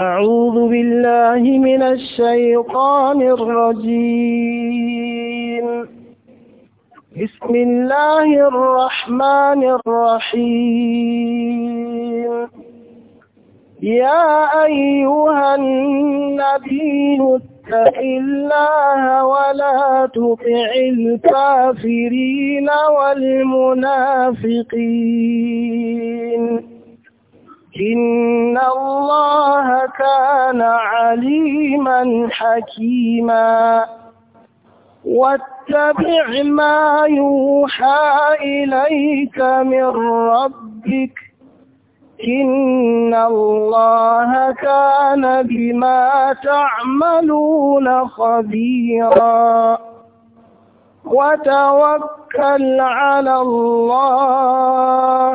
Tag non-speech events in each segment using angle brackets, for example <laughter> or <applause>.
أعوذ بالله من الشيطان الرجيم بسم الله الرحمن الرحيم يا أيها النبي اتق الله ولا تطع الكافرين والمنافقين إن الله كان عليما حكيما واتبع ما يوحى إليك من ربك إن الله كان بما تعملون خبيرا وتوكل على الله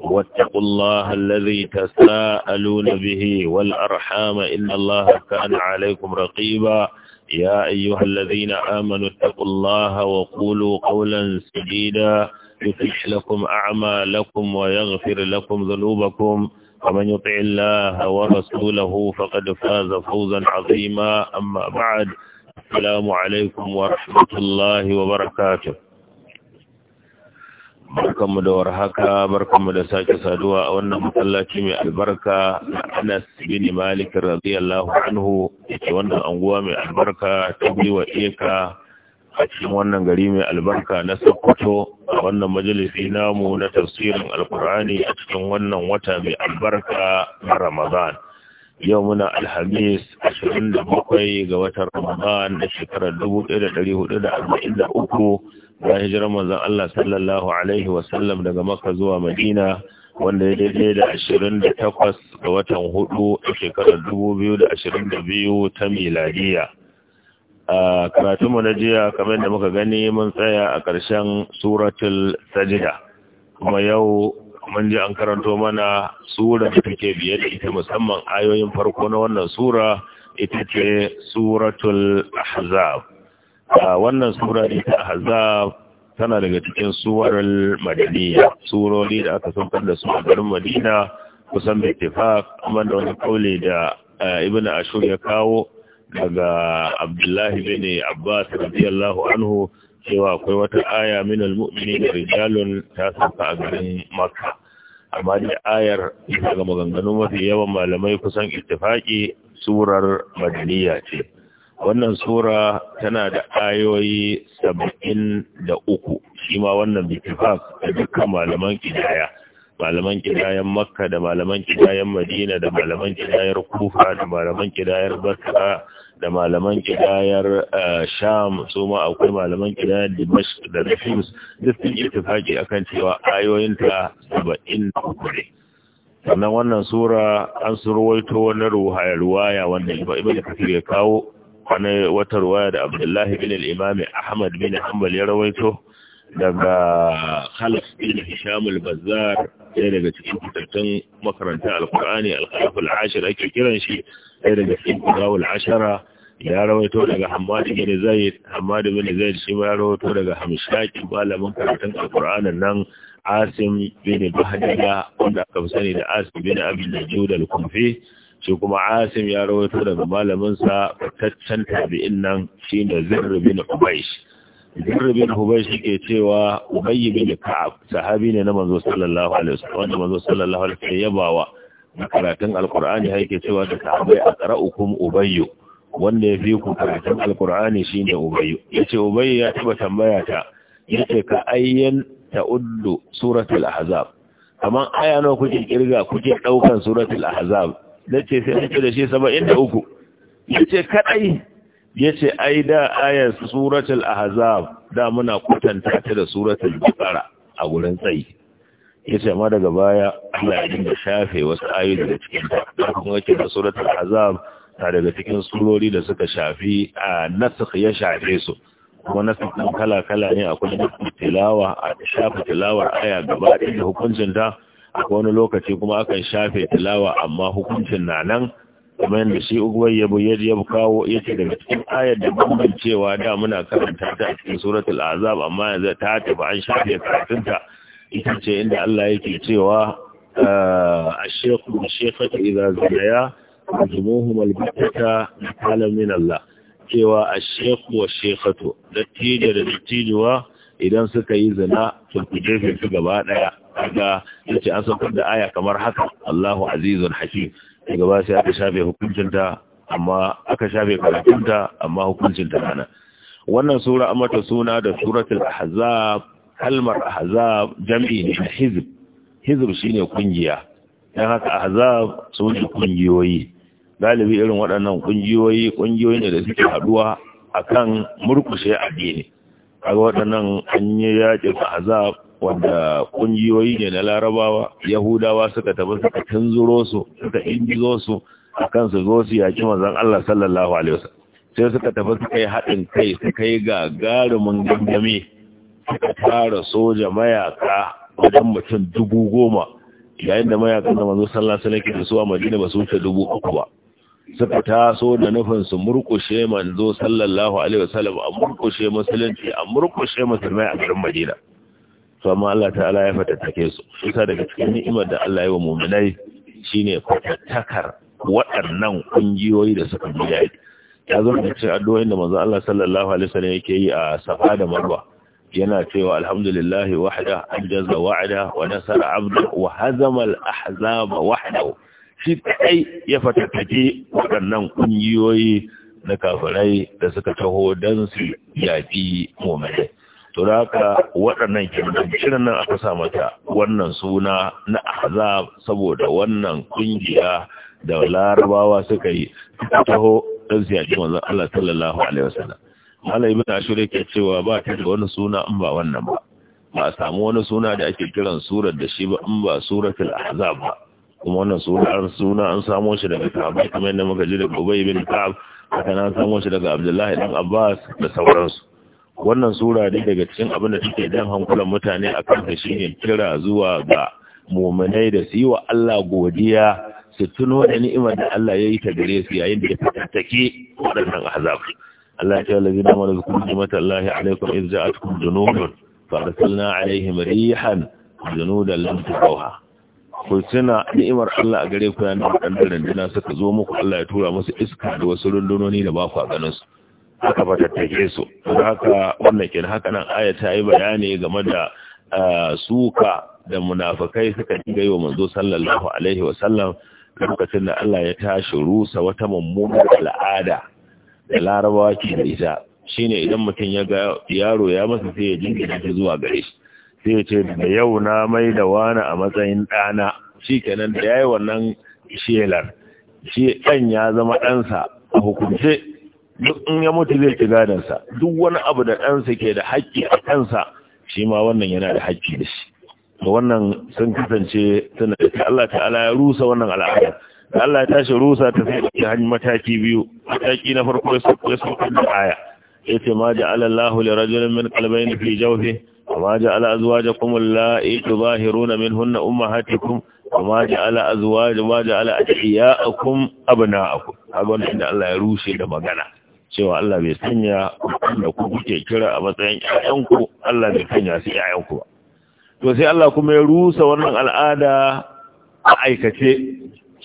واتقوا الله الذي تساءلون به والأرحام إن الله كان عليكم رقيبا يا أيها الذين آمنوا اتقوا الله وقولوا قولا سديدا يفح لكم أعمالكم ويغفر لكم ذنوبكم ومن يطع الله ورسوله فقد فاز فوزا عظيما أما بعد السلام عليكم ورحمة الله وبركاته barkanmu da warhaka barkanmu da sake saduwa a wannan masallaci mai albarka Anas bin Malik radiyallahu anhu yake wannan anguwa mai albarka ta biwa eka a cikin wannan gari mai albarka na Sokoto a wannan majalisi namu na tafsirin Alkur'ani a cikin wannan wata mai albarka na Ramadan yau muna alhamis 27 ga watan Ramadan na shekarar 1443 da hijiran manzon Allah sallallahu alaihi wasallam daga maka zuwa Madina wanda ya daidai da 28 ga watan hudu a shekarar 2022 ta miladiya. a karatunmu na jiya kamar da muka gani mun tsaya a ƙarshen suratul sajida kuma yau mun ji an karanto mana sura da take biye da ita musamman ayoyin farko na wannan sura ita ce suratul ahzab wannan sura ita ahzab tana daga cikin surar madaniya surori da aka saukar da su a garin madina kusan da ittifaq amma da wani kaule da eh, ibn ashur ya kawo daga abdullahi bin abbas radiyallahu anhu cewa akwai wata aya min almu'mini da rijalun ta saka a garin makka amma da ayar daga maganganun mafi yawan malamai kusan ittifaqi surar madaniya ce wannan sura tana da ayoyi saba'in da uku shi ma wannan bitifak da dukkan malaman kidaya malaman kidayen makka da malaman kidayen madina da malaman kidayar kufa da malaman kidayar basra da malaman kidayar eh, sham su ma akwai malaman kidayar dimashq da rufus duk sun ittifaki akan cewa ayoyinta saba'in da uku ne sannan wannan sura an surwaito wani ruwaya wanda ibada kafir ya kawo wani wata waya da abdullahi bin al ahmad bin hanbal ya rawaito daga khalif bin hisham al-bazzar ɗaya daga cikin fitattun makaranta alkur'ani qurani al al ake kiran shi ɗaya daga cikin quraw al-ashara ya rawaito daga Hamad bin Zaid Hamad bin Zaid shi ma ya rawaito daga Hamshaki malamin karatun alkur'anin nan Asim bin Bahdaga wanda aka fi sani da Asim bin da da al-Kufi shi kuma asim ya rawaito daga malaminsa fataccen tabi'in nan shi ne zirri bin Hubaish. zirri bin Hubaish yake cewa ubayy bin ka'ab sahabi ne na manzo sallallahu alaihi wasallam wanda manzo sallallahu alaihi wasallam yabawa bawa karatun alqur'ani har yake cewa da sahabai aqra'ukum ubayyu wanda ya fi ku karatun alqur'ani shine ubayy yace ubayyu ya taba tambaya ta yace ka ayyan ta'uddu suratul ahzab Kamar aya nawa kuke kirga kuke daukan suratul ahzab nace sai ake da shi saba'in da uku Yace kaɗai ai da ayar suratul ahzab da muna kutanta ta da suratul bukara a gurin tsayi Yace amma ma daga baya Allah ya dinga shafe wasu ayoyi daga cikin ta kuma yake da suratul ahzab ta daga cikin surori da suka shafi a nasakh ya shafe su kuma nasakh kala kala ne akwai tilawa a shafa tilawar aya gaba da hukuncin ta Akwai wani lokaci kuma akan shafe tilawa amma hukuncin na nan kuma yadda shi ugwai ya buyar ya kawo ya ce daga cikin ayar da cewa, da muna karanta ta a cikin suratul azab amma yanzu ta ta ba an shafe karatunta ita ce inda Allah yake cewa a shekhu da shekhata idan zanaya a na kalamin Allah cewa a shekhu wa shekhatu dattijo da dattijuwa idan suka yi zina to ku jefe su gaba daya kaga yace an saukar da aya kamar haka Allahu azizun hakim daga sai aka shafe hukuncinta amma aka shafe ta amma ta kana wannan sura amma mata suna da suratul ahzab kalmar ahzab jam'i ne hizb hizb shine kungiya dan haka ahzab sun kungiyoyi galibi irin waɗannan kungiyoyi kungiyoyi ne da suke haduwa akan murkushe addini kaga waɗannan an yi yaƙin azab wanda ƙungiyoyi ne na larabawa yahudawa suka tafi suka tunzuro su suka injizo su a kan su zo su yaƙi mazan Allah sallallahu alaihi wasallam sai suka tafi suka yi haɗin kai suka yi gagarumin gangame suka fara soja mayaka wajen mutum dubu goma yayin da mayakan da mazo sallallahu alaihi wasallam a Madina ba su wuce dubu uku ba suka taso da nufin su murkushe manzo sallallahu alaihi wasallam a murkushe musulunci a murkushe musulmai a garin Madina to amma Allah ta'ala ya fatattake su isa daga cikin ni'imar da Allah ya wa mu'minai shine fatattakar waɗannan kungiyoyi da suka bi yayi ya zo da cikin addu'o'in da manzo Allah sallallahu alaihi wasallam yake yi a Safa da Marwa yana cewa alhamdulillahi wahda ajaza wa'ada wa nasara 'abda wa hazama al-ahzaba wahdahu shi kai ya fatattake waɗannan ƙungiyoyi na kafirai da suka taho don su yaƙi mu'minai to da haka waɗannan kenan shirin nan aka sa mata wannan suna na ahzab saboda wannan kungiya da larabawa suka yi suka taho don su yaƙi wanzan Allah sallallahu alaihi wasallam Allah ibn Ashur yake cewa ba ta da wani suna in ba wannan ba ba a samu wani suna da ake kiran surar da shi ba in ba suratul ahzab ba kuma wannan sunan suna an samo shi daga sahabbai kamar yadda muka ji daga Ubay bin Ka'ab haka nan samo shi daga Abdullahi dan Abbas da sauransu wannan sura dai daga cikin abin da take dan hankulan mutane akan ta shine kira zuwa ga mu'minai da su yi wa Allah godiya su tuno da ni'imar da Allah ya yi ta gare su yayin da ya fatattake waɗannan ahzab Allah ya tawalla zina na mana zukuru jimata Allah alaikum in ja'atkum junubun fa arsalna alaihim rihan junudan lam tarawha kulcina ni'imar Allah a gare ku yana dan runduna suka zo muku Allah ya tura musu iska da wasu rundunoni da ba ku ganin su aka fatattake su don haka wannan kin haka nan aya ta yi bayani game da ah, suka da munafikai suka dinga yi wa manzo sallallahu alaihi wa sallam lokacin da Allah ya tashi rusa wata mummunar al'ada da larabawa ke da ita shine idan mutum ya ga yaro ya masa sai ya jingina zuwa gare shi sai ya ce da yau na mai da wani a matsayin ɗana shi kenan da ya yi wannan shelar shi ɗan ya zama ɗansa a hukunce duk in ya mutu zai ci gadansa duk wani abu da ɗansa ke da haƙƙi a kansa shi ma wannan yana da haƙƙi da shi da wannan sun kasance suna da Allah ta'ala ya rusa wannan al'ada da Allah ya tashi rusa ta sai da hanyar mataki biyu mataki na farko ya sauka da aya ce ma ja'alallahu Allahu li rajulin min qalbayni fi jawfihi وما جعل أزواجكم اللائي تظاهرون منهن أمهاتكم وما جعل أزواج ما جعل أدعياءكم أبناءكم أقول إن الله يروسي لما قنا cewa Allah bai sanya da ku kuke kira a matsayin ƴaƴanku Allah bai sanya su ƴaƴanku ba to sai Allah kuma ya rusa wannan al'ada a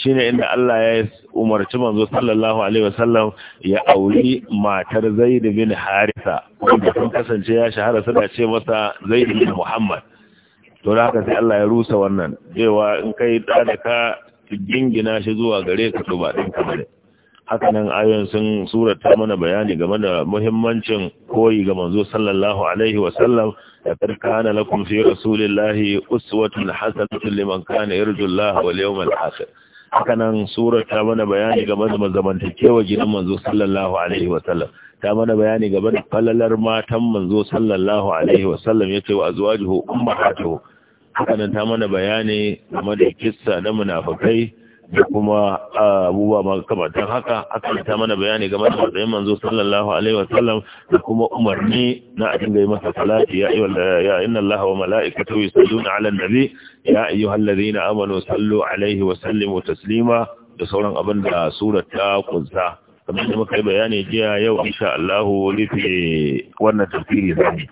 shine inda Allah ya umarci manzo sallallahu alaihi wasallam ya auri matar Zaid bin Haritha wanda sun kasance ya shahara suna ce masa Zaid bin Muhammad to da haka sai Allah ya rusa wannan cewa in kai da da ka gingina shi zuwa gare ka to ba din ka bane haka nan ayoyin sun surata mana bayani game da muhimmancin koyi ga manzo sallallahu alaihi wasallam لقد كان لكم fi رسول الله أسوة حسنة لمن كان يرجو wal yawmal akhir hakanan surar ta mana bayani game da zamantakewa gidan manzo sallallahu alaihi wa sallam ta mana bayani game da falalar matan manzo sallallahu alaihi wa sallam yace wa azwajuhu ummahatuhu haka ta mana bayani game da kissa na munafikai da kuma abubuwa makamantan haka aka yi ta mana bayani game da matsayin manzo sallallahu alaihi wasallam da kuma umarni na a dinga yi masa salati ya ayyuhal ya inna Allah wa mala'ikatahu yusalluna 'ala an-nabi ya ayyuhal amanu sallu alaihi wa sallimu taslima da sauran abin da surar ta kunsa kamar da muka yi bayani jiya yau insha Allah rufe wannan tafsiri zamu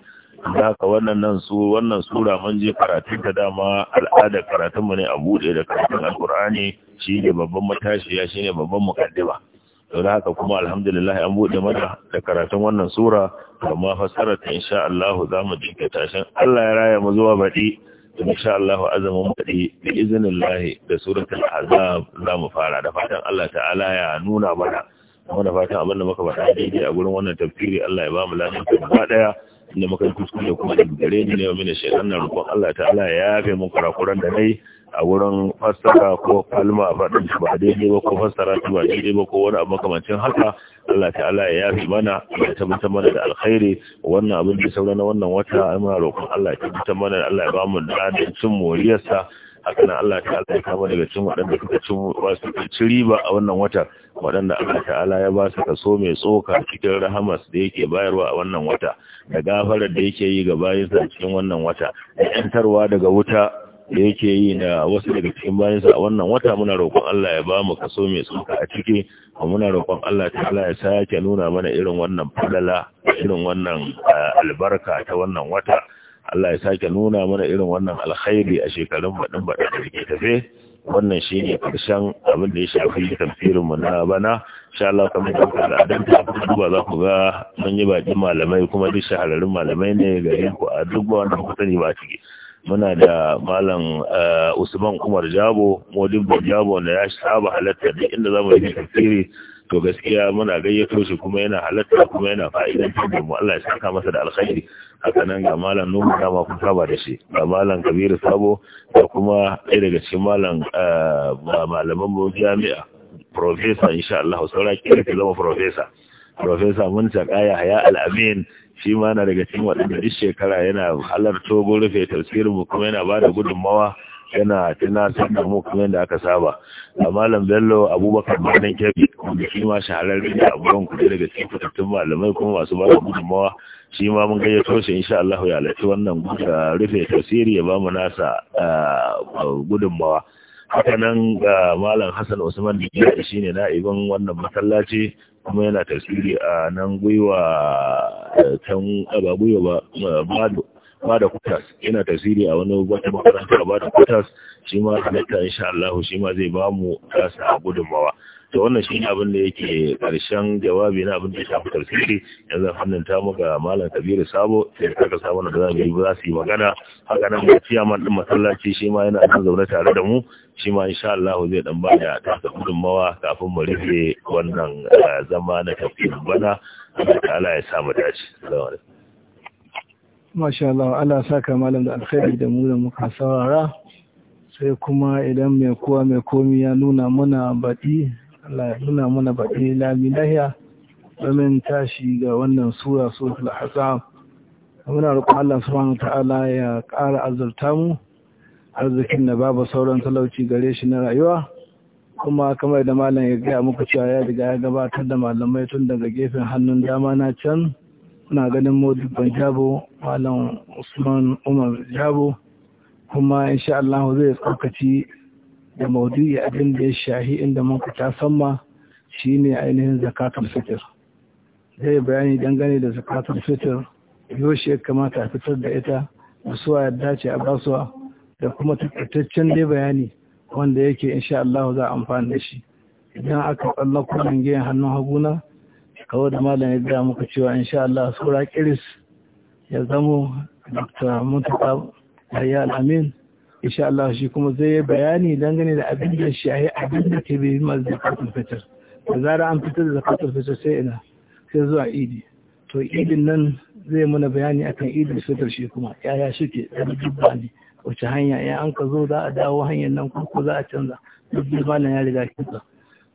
da haka wannan nan su wannan sura mun je karatun ta dama al'ada karatun mu ne a bude da karatun alqur'ani shine babban matashiya shine babban mukaddima to da haka kuma alhamdulillah an bude mata da karatun wannan sura amma fassarar ta insha Allah zamu dinka tashin Allah ya raya mu zuwa baɗi insha Allah azamin baɗi bi iznillah da suratul azab mu fara da fatan Allah ta'ala ya nuna mana kuma da fatan abin da muka faɗa daidai a gurin wannan tafsiri Allah ya ba mu lafiya gaba daya inda muka kuskure kuma da gare ni ne mini shaitan na roƙon Allah ta'ala ya yafe mun kurakuran da nayi a wurin fassara ko kalma faɗin ba daidai ba ko fassara ba daidai ba ko wani abu makamancin haka Allah ta'ala ya yafe mana ya tabbatar mana da alkhairi wannan abin da saura na wannan wata ai muna roƙon Allah ya tabbatar mana Allah ya ba mu da cin moriyarsa haka Allah ya kama daga cin waɗanda suka ci su ci riba a wannan wata waɗanda Allah ta'ala ya ba su kaso mai tsoka cikin rahamas da yake bayarwa a wannan wata da gafarar da yake yi ga bayinsa cikin wannan wata da yantarwa daga wuta da yake yi na wasu daga cikin bayansa a wannan wata muna roƙon Allah ya ba mu kaso mai tsoka a ciki a muna roƙon Allah ta'ala ya sake nuna mana irin wannan fadala irin wannan ah, albarka ta wannan wata Allah ya sake nuna mana irin wannan alkhairi a shekarun baɗin baɗin da ke tafe wannan shi ne ƙarshen abin da ya shafi tafsirin mu na bana Sha Allah kamar da kuka da dan ta duba za ku ga mun yi baƙi malamai kuma duk shahararrun malamai ne gare ku a duk ba wanda kuka yi ba ciki muna da malam eh, Usman Umar Jabo Modibbo Jabo da ya saba halatta duk inda zamu yi tafsiri to gaskiya muna gayyato shi kuma yana halatta kuma yana fa'idan da mu Allah ya saka masa da alkhairi haka nan ga malam Nuhu da ma kun saba da shi ga malam Kabiru Sabo da kuma ɗaya daga cikin malam ah, malaman mu jami'a professor insha Allah saura kira ki zama professor professor mun ta kaya haya al-amin shi ma na daga cikin wadanda duk shekara yana halarto gurin rufe tafsirin mu kuma yana bada gudunmawa yana tunatar da mu kuma yadda aka saba A malam bello abubakar malam kebi da shi ma shahararri da abubuwan kuɗi daga cikin fitattun malamai kuma masu ba da gudunmawa shi ma mun gayyato shi sha Allah ya halarci wannan rufe tasiri ya ba mu nasa ah, gudunmawa haka nan ga malam hassan usman da shi ne na'ibin wannan masallaci kuma yana tasiri a nan gwiwa can ba da kutas yana tasiri a wani wata makaranta ba da kutas shi ma halatta insha Allah shi ma zai ba mu tasa gudunmawa to wannan shi ne abin da yake karshen jawabi na abin da ya shafi tafsiri yanzu hannun ta muka malam kabiru sabo sai aka samu da za mu za yi magana haka nan ga ciyaman din masallaci shi ma yana nan zaune tare da mu shi ma insha Allah zai dan ba da tasa gudunmawa kafin mu rufe wannan eh, zama na tafsirin bana Allah ta'ala ya samu dace assalamu alaikum Masha Allah, Allah saka malam da alkhairi da mu da muka saurara sai kuma idan mai kowa mai komi ya nuna mana baɗi Allah ya nuna mana baɗi lami lahiya domin tashi ga wannan sura suratul hasab muna roƙon Allah subhanahu ta'ala ya ƙara azurta mu arzikin da babu sauran talauci gare shi na rayuwa kuma kamar da malam ya gaya muku cewa ya riga ya gabatar da malamai tun daga gefen hannun dama na can muna ganin modi jabo malam usman umar jabo kuma insha Allah zai tsaukaci da maudu'i abin da ya shahi inda muka ta samma shine ainihin zakatul fitr zai bayani dangane da zakatul fitr yaushe ya kamata a fitar da ita da suwa ya dace a basuwa da kuma tattaccen dai bayani wanda yake insha Allah za a amfani da shi idan aka tsalla kullun hannun haguna kawai da malam ya da muka cewa insha Allah sura kiris ya zamo Dr. Muntaka ya al'amin insha Allah shi kuma zai yi bayani dangane da abin da yi abin da ke bi masu zakatul fitar. da zara an fitar da zakatul fitar sai ina sai zuwa idi to idin nan zai mana bayani akan idin fitar shi kuma yaya shike da ba ne wace hanya ya an ka zo za a dawo hanyar nan ko za a canza duk dubba ya riga kinsa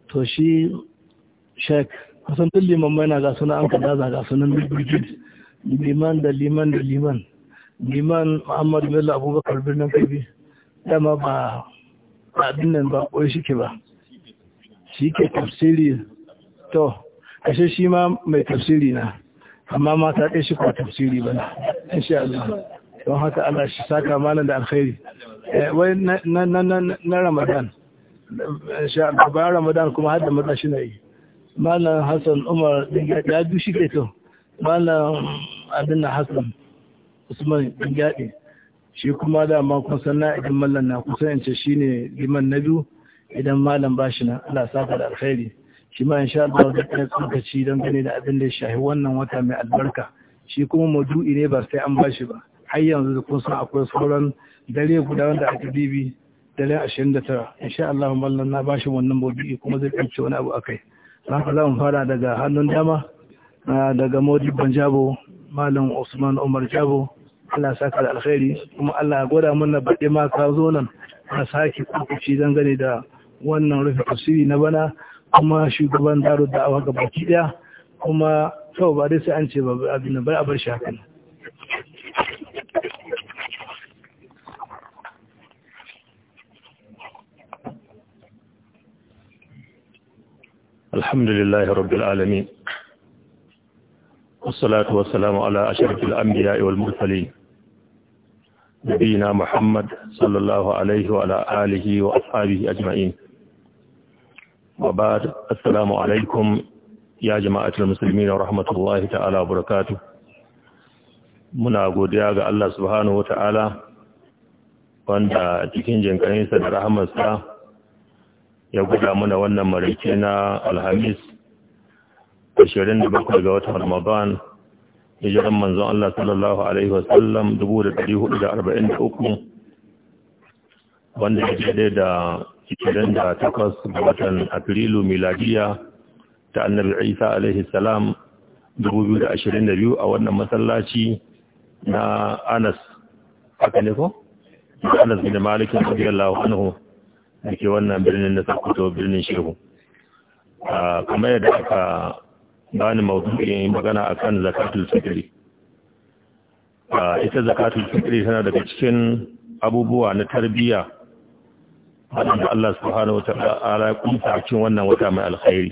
to shi shek kusan duk liman mai na ga suna an ka daza ga sunan duk liman da liman da liman liman muhammadu bello abubakar birnin kabi dama ba abin nan ba ƙoyi shi ke ba shi ke tafsiri to ashe shi ma mai tafsiri na amma mata ɗaya shi kuwa tafsiri ba na insha Allah don haka Allah shi saka malam da alkhairi eh, wai na ramadan insha Allah bayan ramadan kuma har da maza shi na yi malam hassan umar ya bi shi ke to malam abin na hassan usman ɗan gyaɗe shi kuma dama kun na idan mallan na kusan yance shi ne liman na biyu idan malam ba shi na Allah saka da alkhairi shi ma insha Allah da kai tsokaci don gane da abin da ya shahi wannan wata mai albarka shi kuma maudu'i ne ba sai an ba ba har yanzu da kun san akwai sauran dare guda wanda aka bibi dare 29 insha Allah mallan na ba shi wannan maudu'i kuma zai ɗauke wani abu akai kai haka za mu fara daga hannun dama daga Modi Banjabo Malam Usman Umar Jabo Allah saka da alkhairi kuma Allah gwada mana baɗi ma ka zo nan a sake kukuci dangane da wannan rufe tafsiri na bana kuma shugaban daro da awa ga baki ɗaya kuma kawai ba dai sai an ce abin da bai a bar shi haka الحمد لله رب العالمين والصلاة والسلام على أشرف الأنبياء والمرسلين نبينا محمد صلى الله عليه وعلى آله وأصحابه أجمعين وبعد السلام عليكم ya jama'atul musulmi na rahmatullahi ta'ala barakatu muna godiya ga Allah subhanahu ta'ala wanda cikin jinkarinsa da rahamarsa ya guda mana wannan maraice na alhamis 27 ga watan ramadan hijiran manzon Allah sallallahu alaihi wasallam uku, wanda ya jade da 28 ga watan Afrilu miladiya ta Annabi Isa alaihi salam 2022 a wannan masallaci na Anas haka ne ko Anas bin Malik radiyallahu anhu ke wannan birnin na Sokoto birnin Shehu ah, kamar yadda aka bani maudu'in magana akan zakatul fitri ita zakatul fitri tana daga cikin abubuwa na tarbiyya wadanda Allah subhanahu wata'ala ya kunta cikin wannan wata mai alkhairi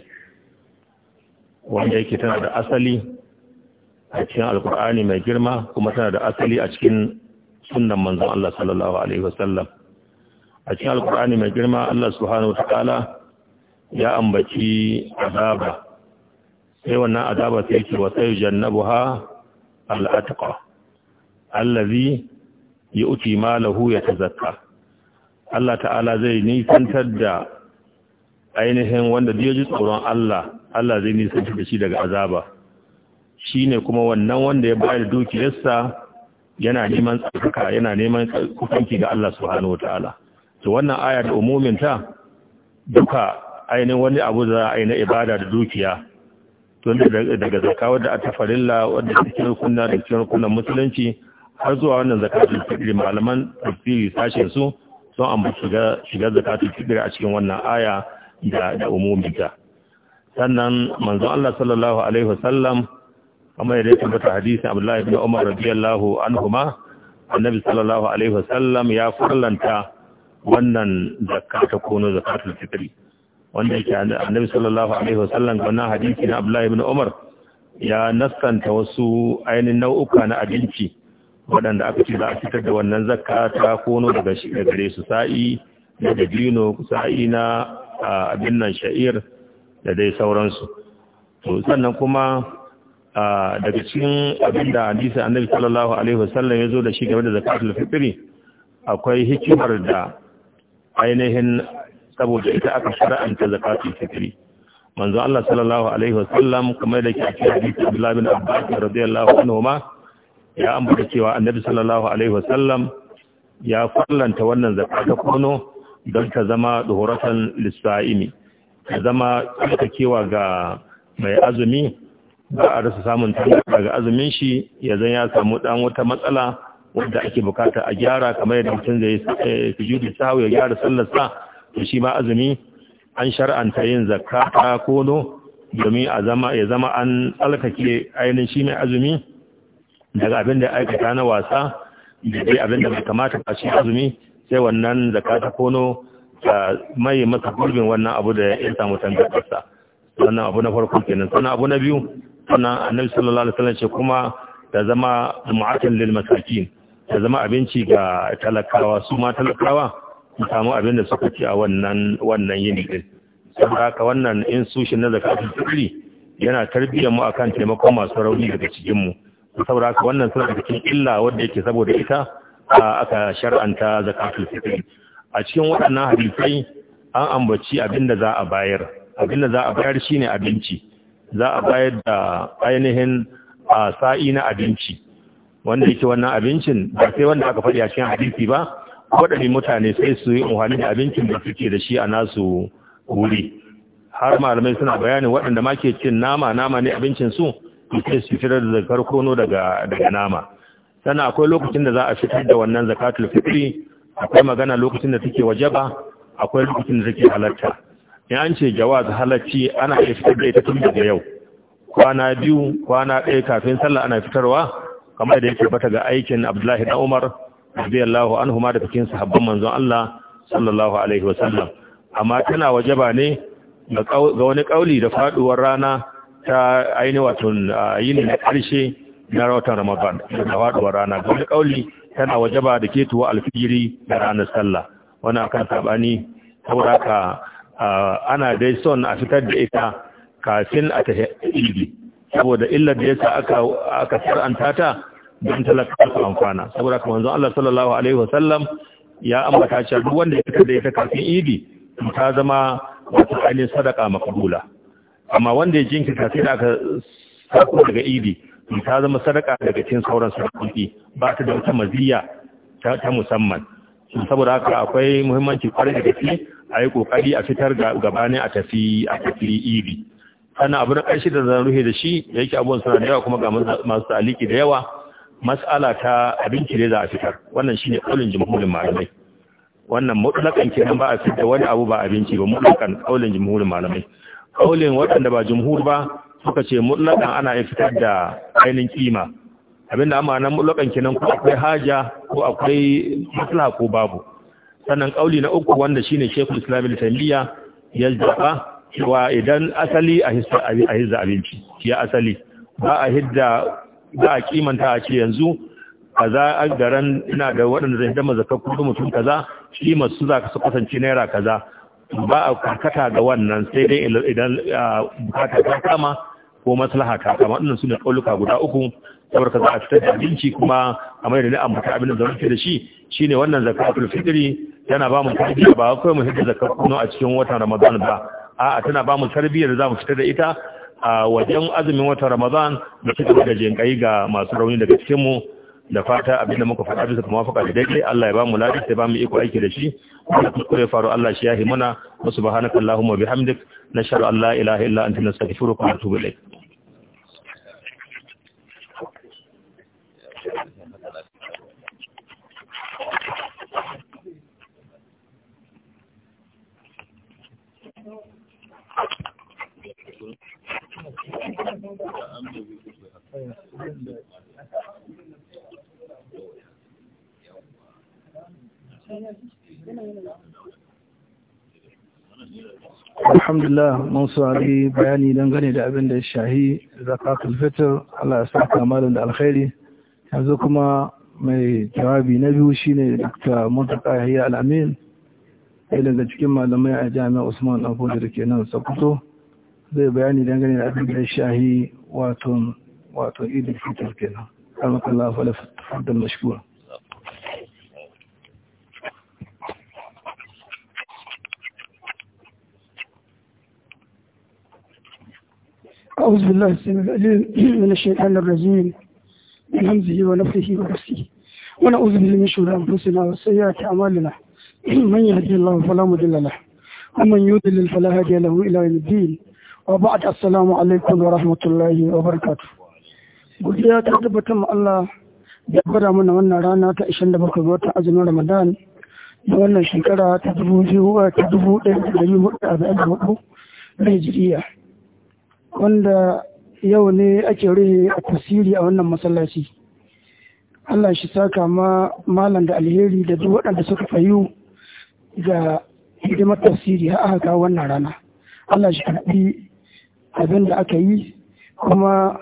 wanda yake tana da asali a cikin alkur'ani mai girma kuma tana da asali a cikin sunnan manzon Allah sallallahu alaihi wasallam a cikin alkur'ani mai girma Allah subhanahu wata'ala ya ambaci azaba sai wannan azaba sai yake wa sai jannabuha al-atqa allazi yu'ti malahu yatazakka Allah ta'ala zai nisantar da ainihin wanda ya ji tsoron Allah Allah zai nisantar da shi daga azaba shine kuma wannan wanda ya bayar dukiyarsa yana neman tsaka yana neman kusanci ga Allah subhanahu wataala to wannan aya da umumin ta duka ainihin wani abu da a ibada da dukiya wanda daga zaka wadda a tafarilla wadda cikin kunna da cikin kunnan musulunci har zuwa wannan zakatul fitiri malaman tafsiri sashen su sun ambaci shiga shiga zakatul fitr a cikin wannan aya da da ta. sannan manzon Allah sallallahu alaihi wasallam amma ya tabbata hadisi Abdullahi ibn Umar radiyallahu anhuma annabi sallallahu alaihi wasallam ya farlanta wannan zakata ta kono zakatul fitri wanda yake annabi sallallahu alaihi wasallam wannan hadisi na Abdullah ibn Umar ya naskanta wasu ainihin nau'uka na abinci waɗanda aka ce za a fitar da wannan zakka ta kono daga gare su sa'i da dabino sa'i na abin nan sha'ir da dai sauransu to sannan kuma daga cikin abin da hadisi annabi sallallahu alaihi wasallam ya zo da shi game da zakatul fitri akwai hikimar da ainihin saboda ita aka shara'anta zakatun fitri manzo Allah sallallahu alaihi wasallam kamar da ke a cikin hadisi Abdullah bin Abbas radiyallahu anhu ma ya ambata cewa Annabi sallallahu alaihi wasallam ya fallanta wannan zakata kono don ta zama duhuratan lisa'imi ta zama tsarkakewa ga mai azumi ba a rasa samun tangarda ga azumin shi ya zan ya samu dan wata matsala wanda ake bukata a gyara kamar yadda mutum zai eh, sujudu sahu ya gyara sallar sa to shi ma azumi an shar'anta yin zakka ta kono domin a zama ya zama an alkake ainihin shi mai azumi daga abin da aikata na wasa da dai abin da bai kamata a shi azumi sai wannan zakka ta kono ta mai masa gurbin wannan abu da ya samu tangardarsa wannan abu na farko kenan sannan abu na biyu sannan annabi sallallahu alaihi wasallam ce kuma ta zama mu'atin lil masakin ta zama abinci ga talakawa su ma talakawa su samu abin da suka ci a wannan wannan yini din saboda haka wannan institution na zakatul fitri yana tarbiyyar mu akan taimakon masu rauni daga cikin mu saboda haka wannan suna da cikin illa wanda yake saboda ita a aka shar'anta zakatul fitri a cikin waɗannan hadisai an ambaci abin da za a bayar abin da za a bayar shine abinci za a bayar da ainihin sa'i na abinci wanda yake wannan abincin ba sai wanda aka faɗi a cikin hadisi ba waɗanne mutane sai su yi amfani da abincin da suke da shi a nasu wuri har malamai suna bayanin waɗanda ma ke cin nama nama ne abincin su suke su fitar da zakar kono daga daga nama sannan akwai lokacin da za a fitar da wannan zakatul fitri akwai magana lokacin da take wajaba akwai lokacin da take halatta in an ce jawaz halacci ana iya fitar da ita tun daga yau kwana biyu kwana ɗaya kafin sallah ana fitarwa kamar da yake bata ga aikin Abdullahi da Umar radiyallahu anhu ma daga cikin sahabban manzon Allah sallallahu alaihi wasallam amma tana wajaba ne ga wani kauli da faduwar rana ta aini wato yini na karshe na watan Ramadan da faduwar rana ga wani kauli tana wajaba da ketuwa alfiri da ranar sallah wannan akan sabani saboda ka ana dai son a fitar da ita kafin a tafi saboda illar da yasa aka aka saranta ta don talaka su amfana saboda kamar zan Allah sallallahu alaihi wasallam ya ambata cewa duk wanda ya fitar da ita kafin idi ta zama wata ainihin sadaka makabula amma wanda ya jinkita sai da aka sako daga idi ta zama sadaka daga cin sauran sadakoki ba ta da wata maziya ta musamman saboda haka akwai muhimmanci kwarai da gaske a yi kokari a fitar gabanin a tafi a tafi idi sannan abin ƙarshe da zan ruhe da shi da yake abubuwan suna da yawa kuma ga masu taliki da yawa mas'ala ta abinci ne za a fitar wannan shine kaulin jumhurin malamai wannan mutlakan kenan ba a fitar wani abu ba abinci ba mutlakan kaulin jumhurin malamai kaulin waɗanda ba jumhur ba suka ce mutlakan ana iya fitar da ainihin kima abinda amma nan mutlakan kenan ko akwai haja ko akwai maslaha ko babu sannan kauli na uku wanda shine Sheikhul Islam al Taymiyyah ya zaba cewa idan asali a hisa abinci ya asali ba a hidda za a kimanta a ce yanzu kaza a garan ina da waɗanda zai dama zakar kudu mutum kaza shi masu za ka kasance naira kaza ba a karkata ga wannan sai dai idan bukata ta kama ko maslaha ta kama ɗin su ne ƙauluka guda uku saboda ka za a fitar da abinci kuma a mai da ni ambata abin da zama da shi shine wannan zaka fitiri. Yana ba mu tarbiyya ba kawai mu hidda zakar kudu a cikin watan ramadan ba a'a tana ba mu tarbiyyar da za mu fitar da ita a wajen azumin watan Ramadan da suka da jinkai ga masu rauni daga cikin mu da fata abinda muka faɗa bisa kuma faka da daidai Allah ya ba mu lafiya ya ba mu iko aiki da shi kuskure faru Allah shi ya himuna wa subhanakallahumma bihamdik nashhadu an la ilaha illa anta nastaghfiruka wa atubu ilaik alhamdulillah mun saurari bayani dangane da abin da shahi zakatul fitr Allah ya saka malam da alkhairi yanzu kuma mai jawabi na biyu shine Dr. Muntaka Yahya Al-Amin ɗaya daga cikin malamai a jami'ar Usman abuja da ke nan Sokoto zai bayani dangane da abin da shahi waton waton idin fitar kenan almakallah fa da mashkura أعوذ بالله السلام العليم من الشيطان الرجيم من همزه ونفخه ونفسه ونعوذ بالله من شهر أنفسنا وسيئات أعمالنا من يهدي الله فلا مدل له ومن يضلل فلا هدي له إلى الدين Waba'ad assalamu alaikum wa rahmatullahi wa barakatu. Godiya ta tabbatar ma Allah da gwada mana wannan rana ta 27 ga watan azumin Ramadan da wannan shekara ta 1444 na Hijiriya. Wanda yau ne ake rihe a tasiri a wannan masallaci. Allah shi saka ma malam da alheri da duk waɗanda suka fayu ga hidimar tasiri har aka kawo wannan rana. Allah shi karɓi abin da aka yi kuma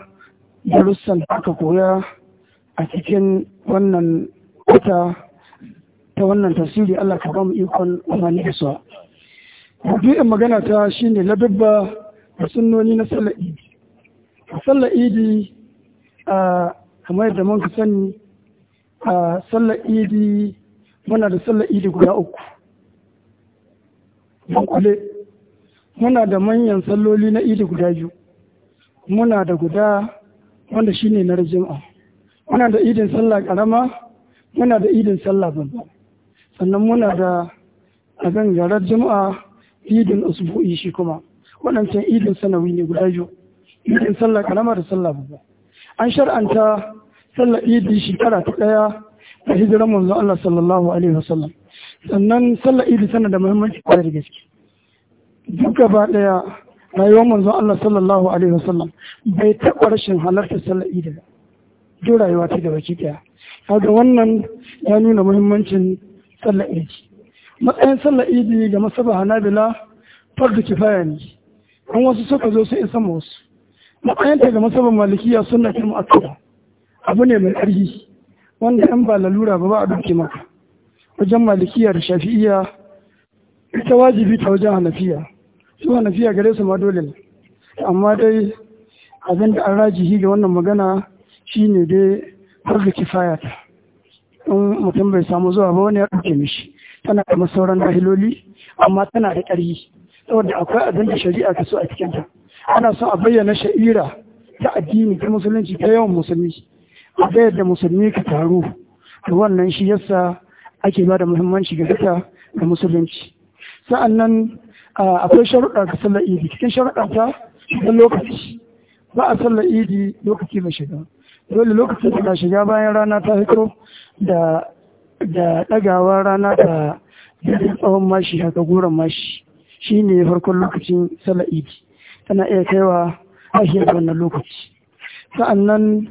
darussan da aka koya a cikin wannan wata ta wannan tasiri Allah ka bamu ikon wani da su. magana ta shine ladabba da sunnoni na sallar idi. Sallar idi a kamar yadda mun ka sani a sallar idi muna da sallar idi guda uku. Mun kule muna da manyan salloli na idi guda biyu muna da guda wanda shine na rajim'a muna da idin sallah karama muna da idin sallah babba sannan muna da a garar jama'a idin usbu'i shi kuma waɗancan idin sanawi ne guda biyu idin sallah karama da sallah babba an shar'anta sallah idi shekara ta ɗaya da hijiran manzo Allah sallallahu alaihi wasallam sannan sallah idi tana da muhimmanci kwarai da gaske duk gaba daya rayuwar manzon Allah sallallahu alaihi wasallam bai taɓa rashin halartar sallar idi ba duk rayuwa ta da baki daya kaga wannan ya nuna muhimmancin sallar idi matsayin sallar idi ga masaba hanabila fardu kifaya ne an wasu suka zo su isa wasu matsayinta ga masaba malikiya sunna kirmu akida abu ne mai ƙarfi wanda yan ba lalura ba ba a ɗauke maka wajen malikiya da shafi'iya ita wajibi ta wajen hanafiya su fiye gare su ma dole ne amma dai abin da an rajihi ga wannan magana shine dai har da kifaya ta in mutum bai samu zuwa ba wani ya ɗauke mishi tana da masauran dahiloli amma tana da ƙarfi saboda akwai abin da shari'a ta so a cikinta ana son a bayyana sha'ira ta addini ta musulunci ta yawan musulmi a bayar da musulmi ka taru da wannan shi yasa ake ba da muhimmanci ga duka da musulunci sa'annan akwai sharuɗa ga sallar idi cikin sharuɗa ta don lokaci ba a sallar idi lokaci mai shiga dole lokacin da shiga bayan rana ta fito da da ɗagawa rana ta jirgin tsawon mashi haka goron mashi shi ne farkon lokacin sallar idi tana iya kaiwa ashiyar wannan lokaci sa'annan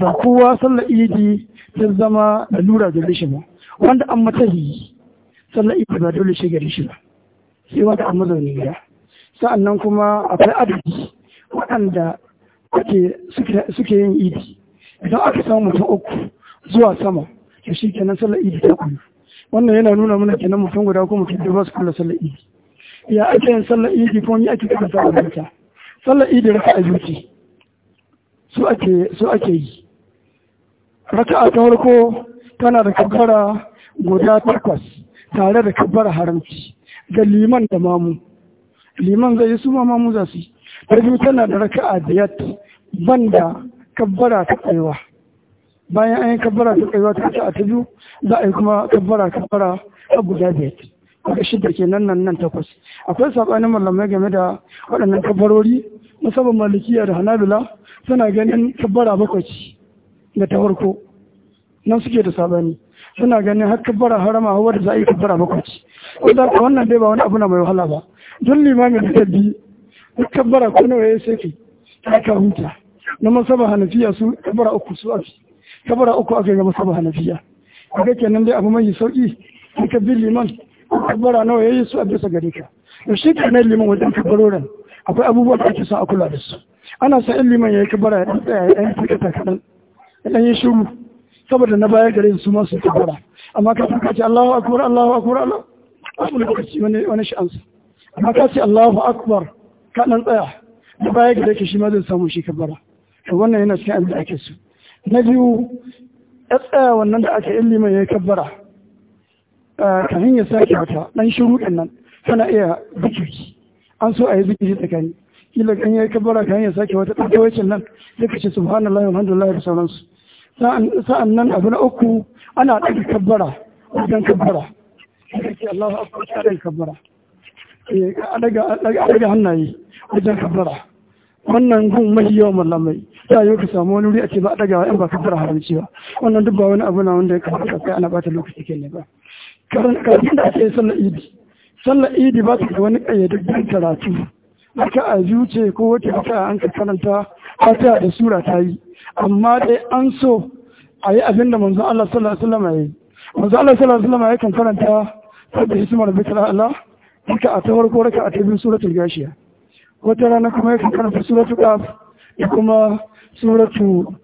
ba kowa sallar idi ta zama da lura da rishima, wanda an matahi sallar idi ba dole shiga rishima. sai wata a mazauni gida sa'annan kuma akwai adadi waɗanda suke yin idi idan aka samu mutum uku zuwa sama to shi kenan sallar idi ta kuma wannan yana nuna mana kenan mutum guda kuma mutum da su kula sallar idi ya ake yin sallar idi ko ni ake kuma sallar mata sallar idi raka a zuci su ake su ake yi raka a farko tana da kabbara guda takwas tare da kabbara haramci ga liman da mamu liman zai yi su ma mamu za su yi biyu tana da raka'a ban da kabbara ta tsayuwa bayan an yi kabbara ta tsayuwa ta ta ta biyu za a yi kuma kabbara kabbara ta guda biyar daga shida ke nan nan nan takwas akwai saɓanin malamai game da waɗannan kabbarori musamman malikiya da hanabila suna ganin kabbara bakwai ce da ta farko nan suke da saɓani suna ganin har kabbara harama hawa da za a yi kabbara bakwai wannan dai ba wani abu na mai wahala ba don limamin da bi dukkan bara nawa ya sai ta ka huta na masaba hanafiya su kabara uku su abi kabara uku aka ga masaba hanafiya kaga kenan dai abu mai sauki ka bi liman kabara nawa ya yi su a bisa gare ka to shi kenan liman wajen kabaroran akwai abubuwa da ake son a kula da su ana sa in liman yi kabara ya tsaya ya yi fita kadan dan yi shiru saboda na baya gare su ma su kabara amma ka ce Allahu akbar Allahu akbar Allah. babu lokaci wani sha'ansa amma ka Allahu akbar ka tsaya da baya gida dake shi ma zai samu shi kabara to wannan yana cikin abin da ake so na biyu ya tsaya wannan da aka illi mai ya kabara ah, kafin ya sake wata dan shiru din nan tana iya zikiri an so a yi zikiri tsakani kila kan ya kabara kafin ya sake wata dan tawacin nan ya ka ce subhanallahi walhamdulillahi da sauransu sa'an nan abu na uku ana ɗaga kabbara wajen kabbara sai ce Allahu akbar sai eh, wannan gun mahi yawan mallamai ya yi ka samu wani wuri a ce ba a daga in ba kabbara haramci ba wannan duk wani abu na wanda ya kamata kai ana ba ta lokaci ke ne ba karatun da ake sallar idi sallar idi ba ta da wani kayyadaddun karatu aka a zuce ko wata aka an ka karanta fatiha da sura ta yi amma dai an so a yi abin da manzon Allah sallallahu alaihi wasallam ya yi Allah sallallahu alaihi wasallam kan karanta saboda hikimar bikin Allah duka a ta farko raka a ta biyu suratul gashiya wata rana kuma yakan karfi suratul qaf da kuma suratu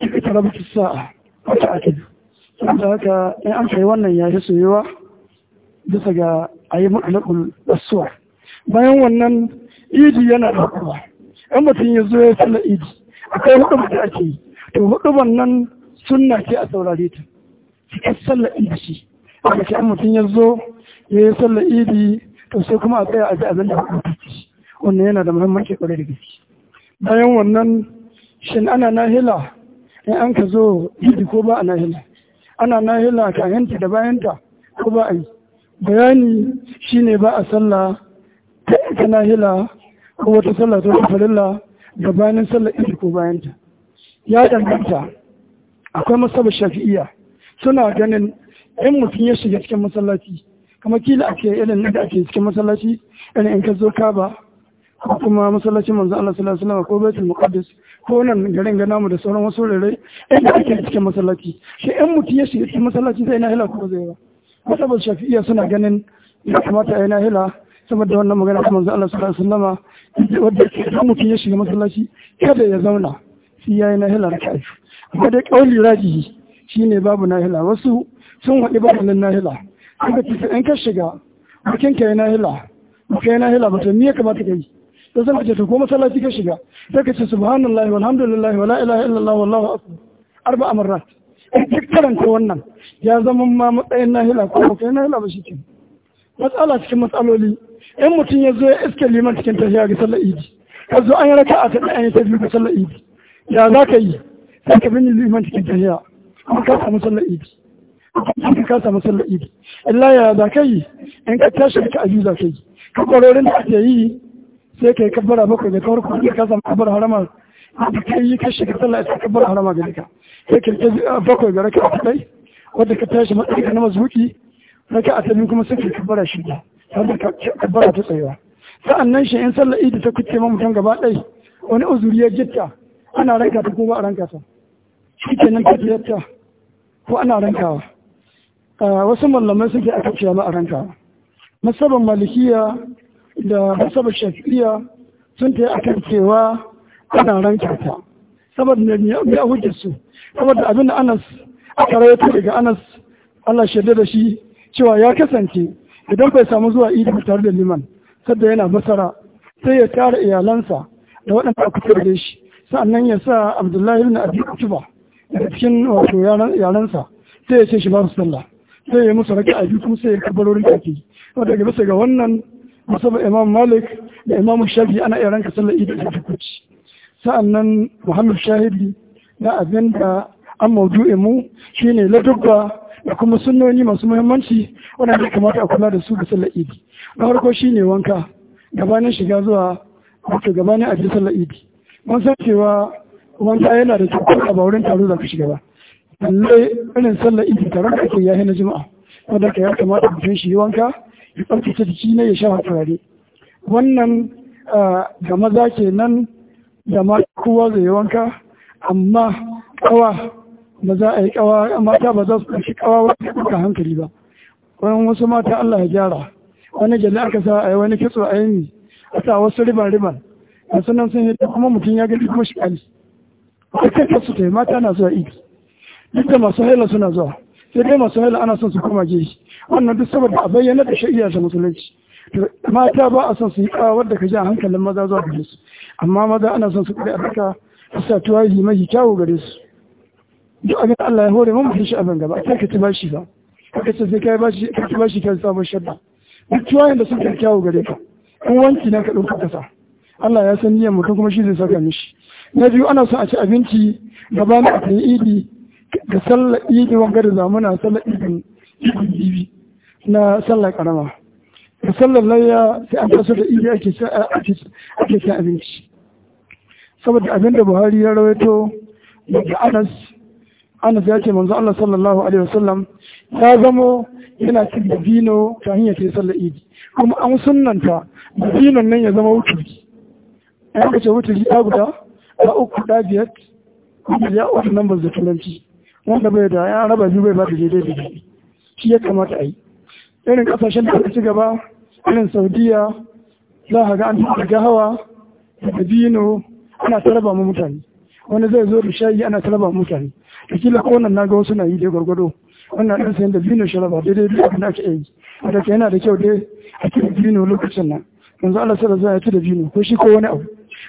iqtarabatu sa'a wata a saboda haka in an kai wannan ya shi soyuwa bisa ga ayi mutlaqul aswa bayan wannan idi yana da yan mutum ya zo ya sallar idi akwai hudu da ake yi to hukumar nan sunna ce a saurare ta cikin sallar shi. daga shi mutum ya zo ya yi sallar idi to sai kuma a tsaya a ji abin da aka tafi wannan yana da muhimmanci kwarai da gaske bayan wannan shin ana nahila in an ka zo idi ko ba a nahila ana nahila kayanta da bayan ta ko ba a yi bayani shine ba a sallah ta nahila ko wata sallah ta farilla bayan sallar idi ko bayan ta ya danganta akwai masabar shafi'iya suna ganin in mutum ya shiga cikin masallaci kamar kila ake irin da ake cikin masallaci irin in ka zo kaba ko kuma masallacin manzo Allah sallallahu alaihi wasallam ko baitul muqaddas ko nan garin ga namu da sauran wasu in da ake cikin masallaci shi in mutum ya shiga cikin masallaci sai na hila ko zai ba masabar shafi'iyya suna ganin ya kamata a na hila saboda wannan magana ta manzo Allah sallallahu alaihi wasallam wanda idan mutum ya shiga masallaci kada ya zauna sai ya yi na hila da kai kada dai kauli rajihi shine babu na hila wasu sun haɗi ba wannan nahila aka tafi ɗan ka shiga bakin ka yi nahila ba ka yi nahila ba ta miya ya kamata ka yi da zan kace to ko masallaci ka shiga sai ka ce subhanallahi walhamdulillahi wala ilaha illallah wallahu akbar arba'a marrat eh, duk karanta wannan ya zama ma matsayin nahila ko kai nahila ba ke. matsala cikin matsaloli in mutum ya zo ya iske liman cikin tafiya ga sallar idi ka zo an yi a ta an yi tafiya ga sallar idi ya za ka yi sai ka bin liman cikin tafiya an ka samu sallar idi in ka samu sallar idi illa ya za ka yi in ka tashi ka abi za ka yi ka kwarorin da ake yi sai ka yi kabbara bakwai da kawar kuma ka samu kabbara harama da ka yi ka shiga sallar isa kabbar harama gare duka sai ka yi bakwai ga raka a kadai wadda ka tashi matsayi na mazuki raka a tabi kuma sai ka yi kabbara shi da har da kabbara ta tsayawa sa'an nan shi in sallar idi ta kuce ma mutum gaba ɗai wani uzuri ya jitta ana ranka ta ba a ranka ta shi kenan ta ko ana rankawa Eh, wasu mallamai suke a kaciya ma a ranka masabar malikiya da masabar shafiya sun ta yi a kan cewa ana ranka ta saboda ne ya hujjar su saboda abin da anas aka rawaito daga anas allah shaida da shi cewa ya kasance idan bai samu zuwa idi tare da liman sadda yana masara sai ya tara iyalansa da waɗanda aka fito da shi sa'annan ya sa abdullahi ibn abi kutuba daga cikin wato yaransa sai ya ce shi ba su sallah sai ya musu raka'a biyu kuma sai ya karbarorin kake wanda ga bisa ga wannan musaba imam malik da imam shafi ana iya ranka sallar idi da kuci sa'annan muhammad shahidi na abin da an maudu'in mu shine ladubba da kuma sunnoni masu muhimmanci wanda ya kamata a kula da su ga sallar idi na farko shine wanka gabanin shiga zuwa wato gabanin ajiye sallar idi mun san cewa wanka yana da cikakken abawurin taro za ka shiga ba lalle irin sallar iji tare da ake yahi na juma'a wanda ka ya kamata mutum shi yi wanka ya ta jiki ne ya sha turare wannan ga maza kenan da ma kowa zai yi wanka amma kawa ba za a yi kawa mata ba za su ɗauki kawa wata ɗauka hankali ba wani wasu mata Allah ya gyara wani jalli aka sa a yi wani kitso a yi a sa wasu riban riban a sunan sun yi kuma mutum ya gani kuma shi ƙali a kasu ta yi mata na zuwa idi duk da masu haila suna zuwa sai dai masu haila ana son su koma gefe wannan duk saboda a bayyana da shari'a ta musulunci mata ba a son su yi kawar da ka ji a hankalin maza zuwa gare su amma maza ana son su kuɗi a baka sa yi mai kyawu gare su duk abin Allah ya hore mun shi abin gaba kai ka ci bashi ba kai ce sai kai bashi ka ci bashi kai sabon shadda duk tuwayin da sun ka kyawu gare ka in wanki na ka dauka kasa Allah ya san niyyar mutum kuma shi zai saka mishi na biyu ana son a ci abinci na a kai idi da sallar idi wanga da zamuna sallar idin idin bibi na sallar karama da sallar layya sai an taso da idi ake ake abinci saboda abin da buhari ya rawaito daga anas anas ya ce manzo allah sallallahu alaihi wasallam ya zamo yana cin dabino ta hanyar ta sallar idi kuma an sunanta dabinon nan ya zama wuturi an ce wuturi ya guda a uku da biyar ya wata nan ba zai turanci wanda bai da ya raba biyu bai ba da daidai da shi ya kamata a yi irin kasashen da aka ci gaba irin saudiya za a ga an ga hawa. da dino ana ta mu mutane wani zai zo da shayi ana ta mu mutane da kila ko wannan naga wasu na yi dai gwargwado wannan ɗan sayan da dino shi raba daidai da abin da ake yi a da yana da kyau dai a ci bino dino lokacin nan yanzu Allah sai da zai ci da dino ko shi ko wani abu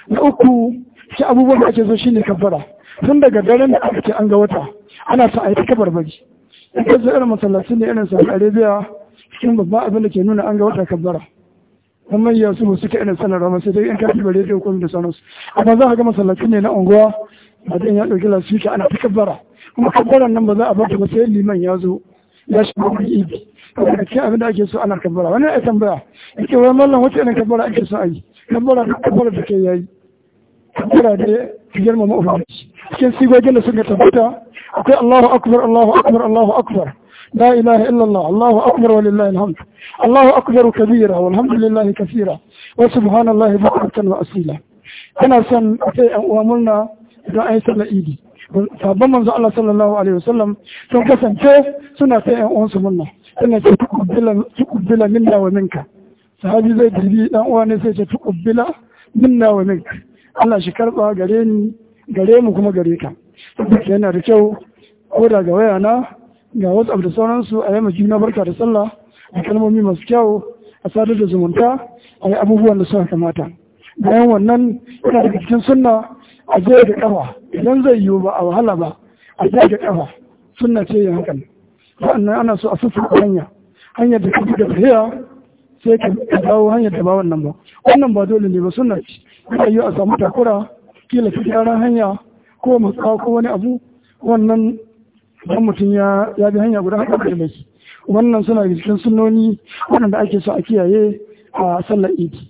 na uku shi abubuwan da ake so shine kabbara tun daga daren da aka ce an ga wata ana sa a yi ta kabarbari in ka zo irin masallacin da irin saudi arabia cikin babban abin da ke nuna an ga wata kabbara don manyan su suka irin sanar rama sai dai in ka kibare da hukumin da sanarsu amma za a ga masallacin ne na unguwa a dan ya ɗauki lasfika ana ta kabbara kuma kabbaran nan ba za a bar ta ba sai liman ya zo ya shiga wani ibi da ke abin da ake so ana kabbara wani ya tambaya ke wani mallan wata irin kabbara ake so a yi kabbara kabbara da ke yayi kabbara da girmama ubangiji cikin sigogin da suka tabbata akwai Allahu akbar Allahu akbar Allahu akbar لا إله إلا الله الله أكبر ولله الحمد الله أكبر كبيرا والحمد لله كثيرا وسبحان الله بكرة وأصيلا أنا سن ومنا دعاية الإيدي sabon manzo Allah sallallahu alaihi wasallam sun kasance suna ta ƴan uwansu munna suna ce tukubbila minna wa minka sahabi zai dirbi dan uwa ne sai ce tukubbila minna wa minka Allah shi karba gare mu kuma gare ka yana da kyau ko da ga waya na ga da sauransu a yamma juna barka da sallah a kalmomi masu kyau a sadar da zumunta a yi abubuwan da suka kamata bayan wannan yana da cikin sunna a zai da kafa idan zai yiwu ba a wahala ba a zai da kafa sunna ce ya hankali sa'annan ana so a a hanya hanyar da kuma da fahiya sai ka dawo hanyar da ba wannan ba wannan ba dole ne ba sunna ce yana yi a samu takura kila ta gyaran hanya ko matsa ko wani abu wannan ɗan mutum ya bi hanya guda haɗar da mai wannan suna da cikin sunnoni waɗanda ake so a kiyaye a sallar idi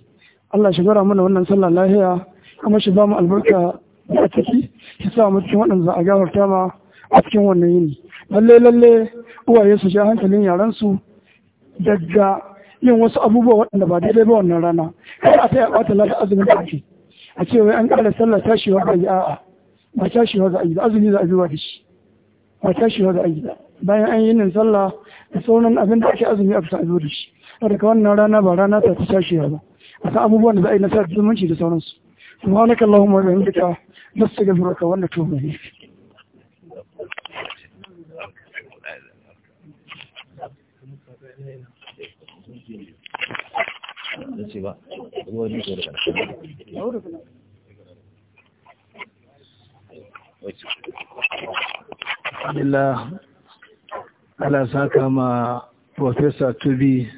Allah shi gara mana wannan sallar lahiya kuma shi ba mu albarka da a ciki shi sa mu cikin waɗanda a gafarta ma a cikin wannan yini lalle lalle uwaye su sha hankalin yaran su daga yin wasu abubuwa waɗanda ba daidai ba wannan rana kai a ta ya ɓata lada azumin ake a ce wai an ƙara sallar tashi wa a'a ba ta shi da ajiba azumi za a zuwa da shi ba ta shi da ajiba bayan an yi nan sallah da sauran abin da ake azumi a fita zuwa da shi daga wannan rana ba rana ta ta shi ba a san abubuwan da za a yi na sa zumunci da sauransu subhanaka allahumma wa bihamdika nastaghfiruka wa natubu ilayk Thank you. ba Alhamdulillah, Allah saka ma Professor to be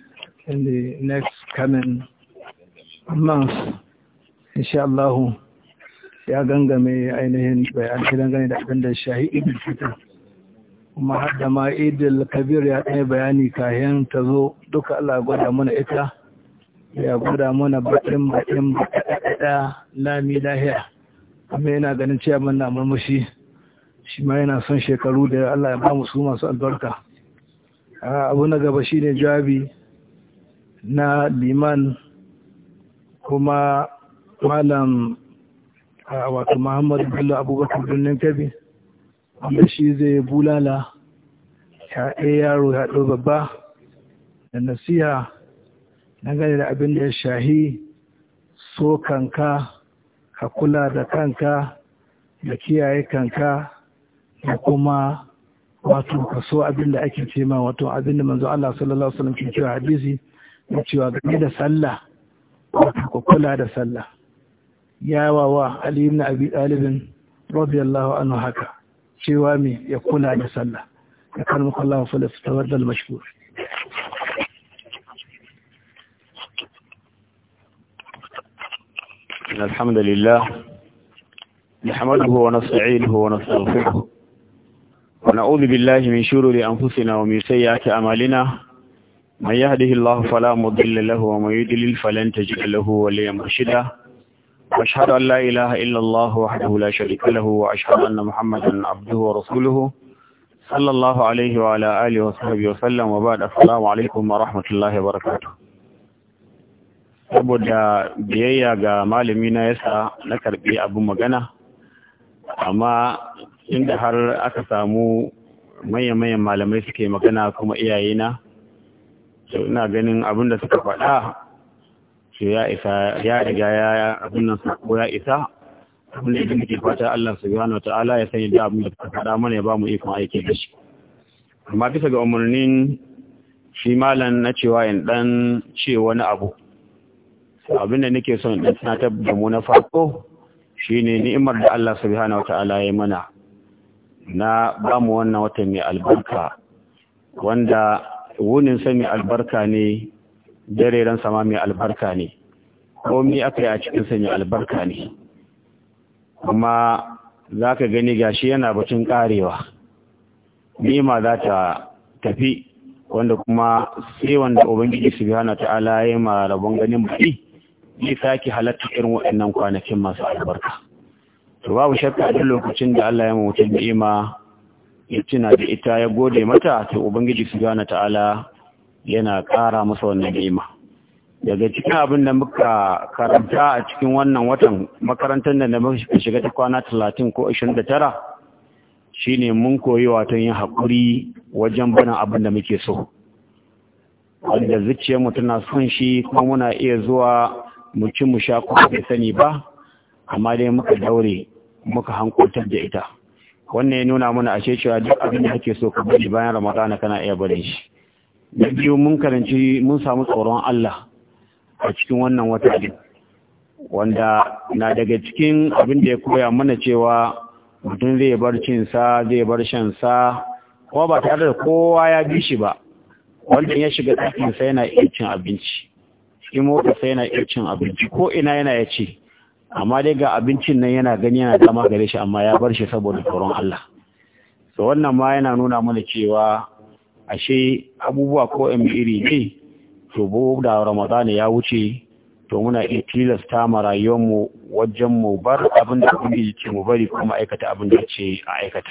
in the next coming month, inshallah, ya gangame ainihin bayan dangane da abin da shahid Kuma har da ma Idil Kabir ya ɗaya bayani kayan ta zo duka Allah gwada mana ita, ya gwada mana baɗin baɗin baɗaɗa lami lahiya. amma yana ganin ciyaman na murmushi shi ma yana son shekaru da Allah ya ba mu su masu albarka abu na gaba shi ne jawabi na liman kuma malam wato muhammadu bello abubakar birnin kebbi wanda shi zai bulala ɗe eh, yaro yaɗo babba da nasiha na gani da abin da ya shahi so kanka ka kula da kanka da kiyaye kanka da kuma wato kaso abinda ake ce ma wato abinda manzo Allah sallallahu alaihi wasallam ke cewa hadisi ne cewa game da sallah ka kula da sallah ya wa Ali ibn Abi Talib radiyallahu anhu haka cewa me ya kula da sallah ya karmu Allah sallallahu alaihi wasallam mashkur إن الحمد لله نحمده ونستعينه ونستغفره ونعوذ بالله من شرور أنفسنا ومن سيئات أعمالنا من يهده الله فلا مضل له ومن يضلل فلن تجد له وليا مرشدا وأشهد أن لا إله إلا الله وحده لا شريك له وأشهد أن محمدا عبده ورسوله صلى الله عليه وعلى آله وصحبه وسلم وبعد السلام عليكم ورحمة الله وبركاته saboda biyayya ga malami na yasa na karɓi abin magana amma inda har aka samu manya-manyan malamai suke magana kuma iyayena to ina ganin abin da suka faɗa su ya isa ya riga ya abin nan ya isa abin da yake fata Allah subhanahu Ta'ala ya sanya da abin da suka faɗa mana ya ba mu ikon aiki da shi amma bisa ga umarnin shi malam na cewa in dan ce wani abu abinda nake son in tunatar da mu na farko shine ni'imar da Allah subhanahu wataala ya mana na ba mu wannan wata mai albarka wanda wunin sa mai albarka ne dare ran sama mai albarka ne komai aka yi a cikin sa albarka ne kuma zaka gani gashi yana batun karewa ma za ta tafi wanda kuma sai wanda ubangiji subhanahu wataala ya yi ma rabon ganin baki zai sake halatta irin waɗannan kwanakin masu albarka to babu shakka duk lokacin da Allah ya mutu ni'ima ya tuna da ita ya gode mata to ubangiji subhanahu ta'ala yana ƙara masa wannan ni'ima daga cikin abin da muka karanta a cikin wannan watan makarantar da muka shiga ta kwana 30 ko 29 shine mun koyi wato yin hakuri wajen bana abin da muke so wanda zuciyarmu tana son shi kuma muna iya zuwa mu mu sha kuma bai sani ba amma dai muka daure muka hankotar da ita wannan ya nuna mana ashe cewa duk abin da kake so ka bari bayan ramadana kana iya barin shi na biyu mun karanci mun samu tsoron Allah a cikin wannan wata din wanda na daga cikin abin da ya koya mana cewa mutum zai bar cin sa zai bar shan sa ko ba tare da kowa ya bi shi ba wanda ya shiga ɗakin sa yana iya cin abinci cikin motarsa yana iya cin abinci ko ina yana ya ce amma dai ga abincin nan yana gani yana dama gare shi amma ya bar shi saboda tsoron Allah so wannan ma yana nuna mana cewa ashe abubuwa ko in iri ne to bo da Ramadan ya wuce to muna iya tilasta ma mu wajen mu bar abin da kuke ce mu bari kuma aikata abin da ce a aikata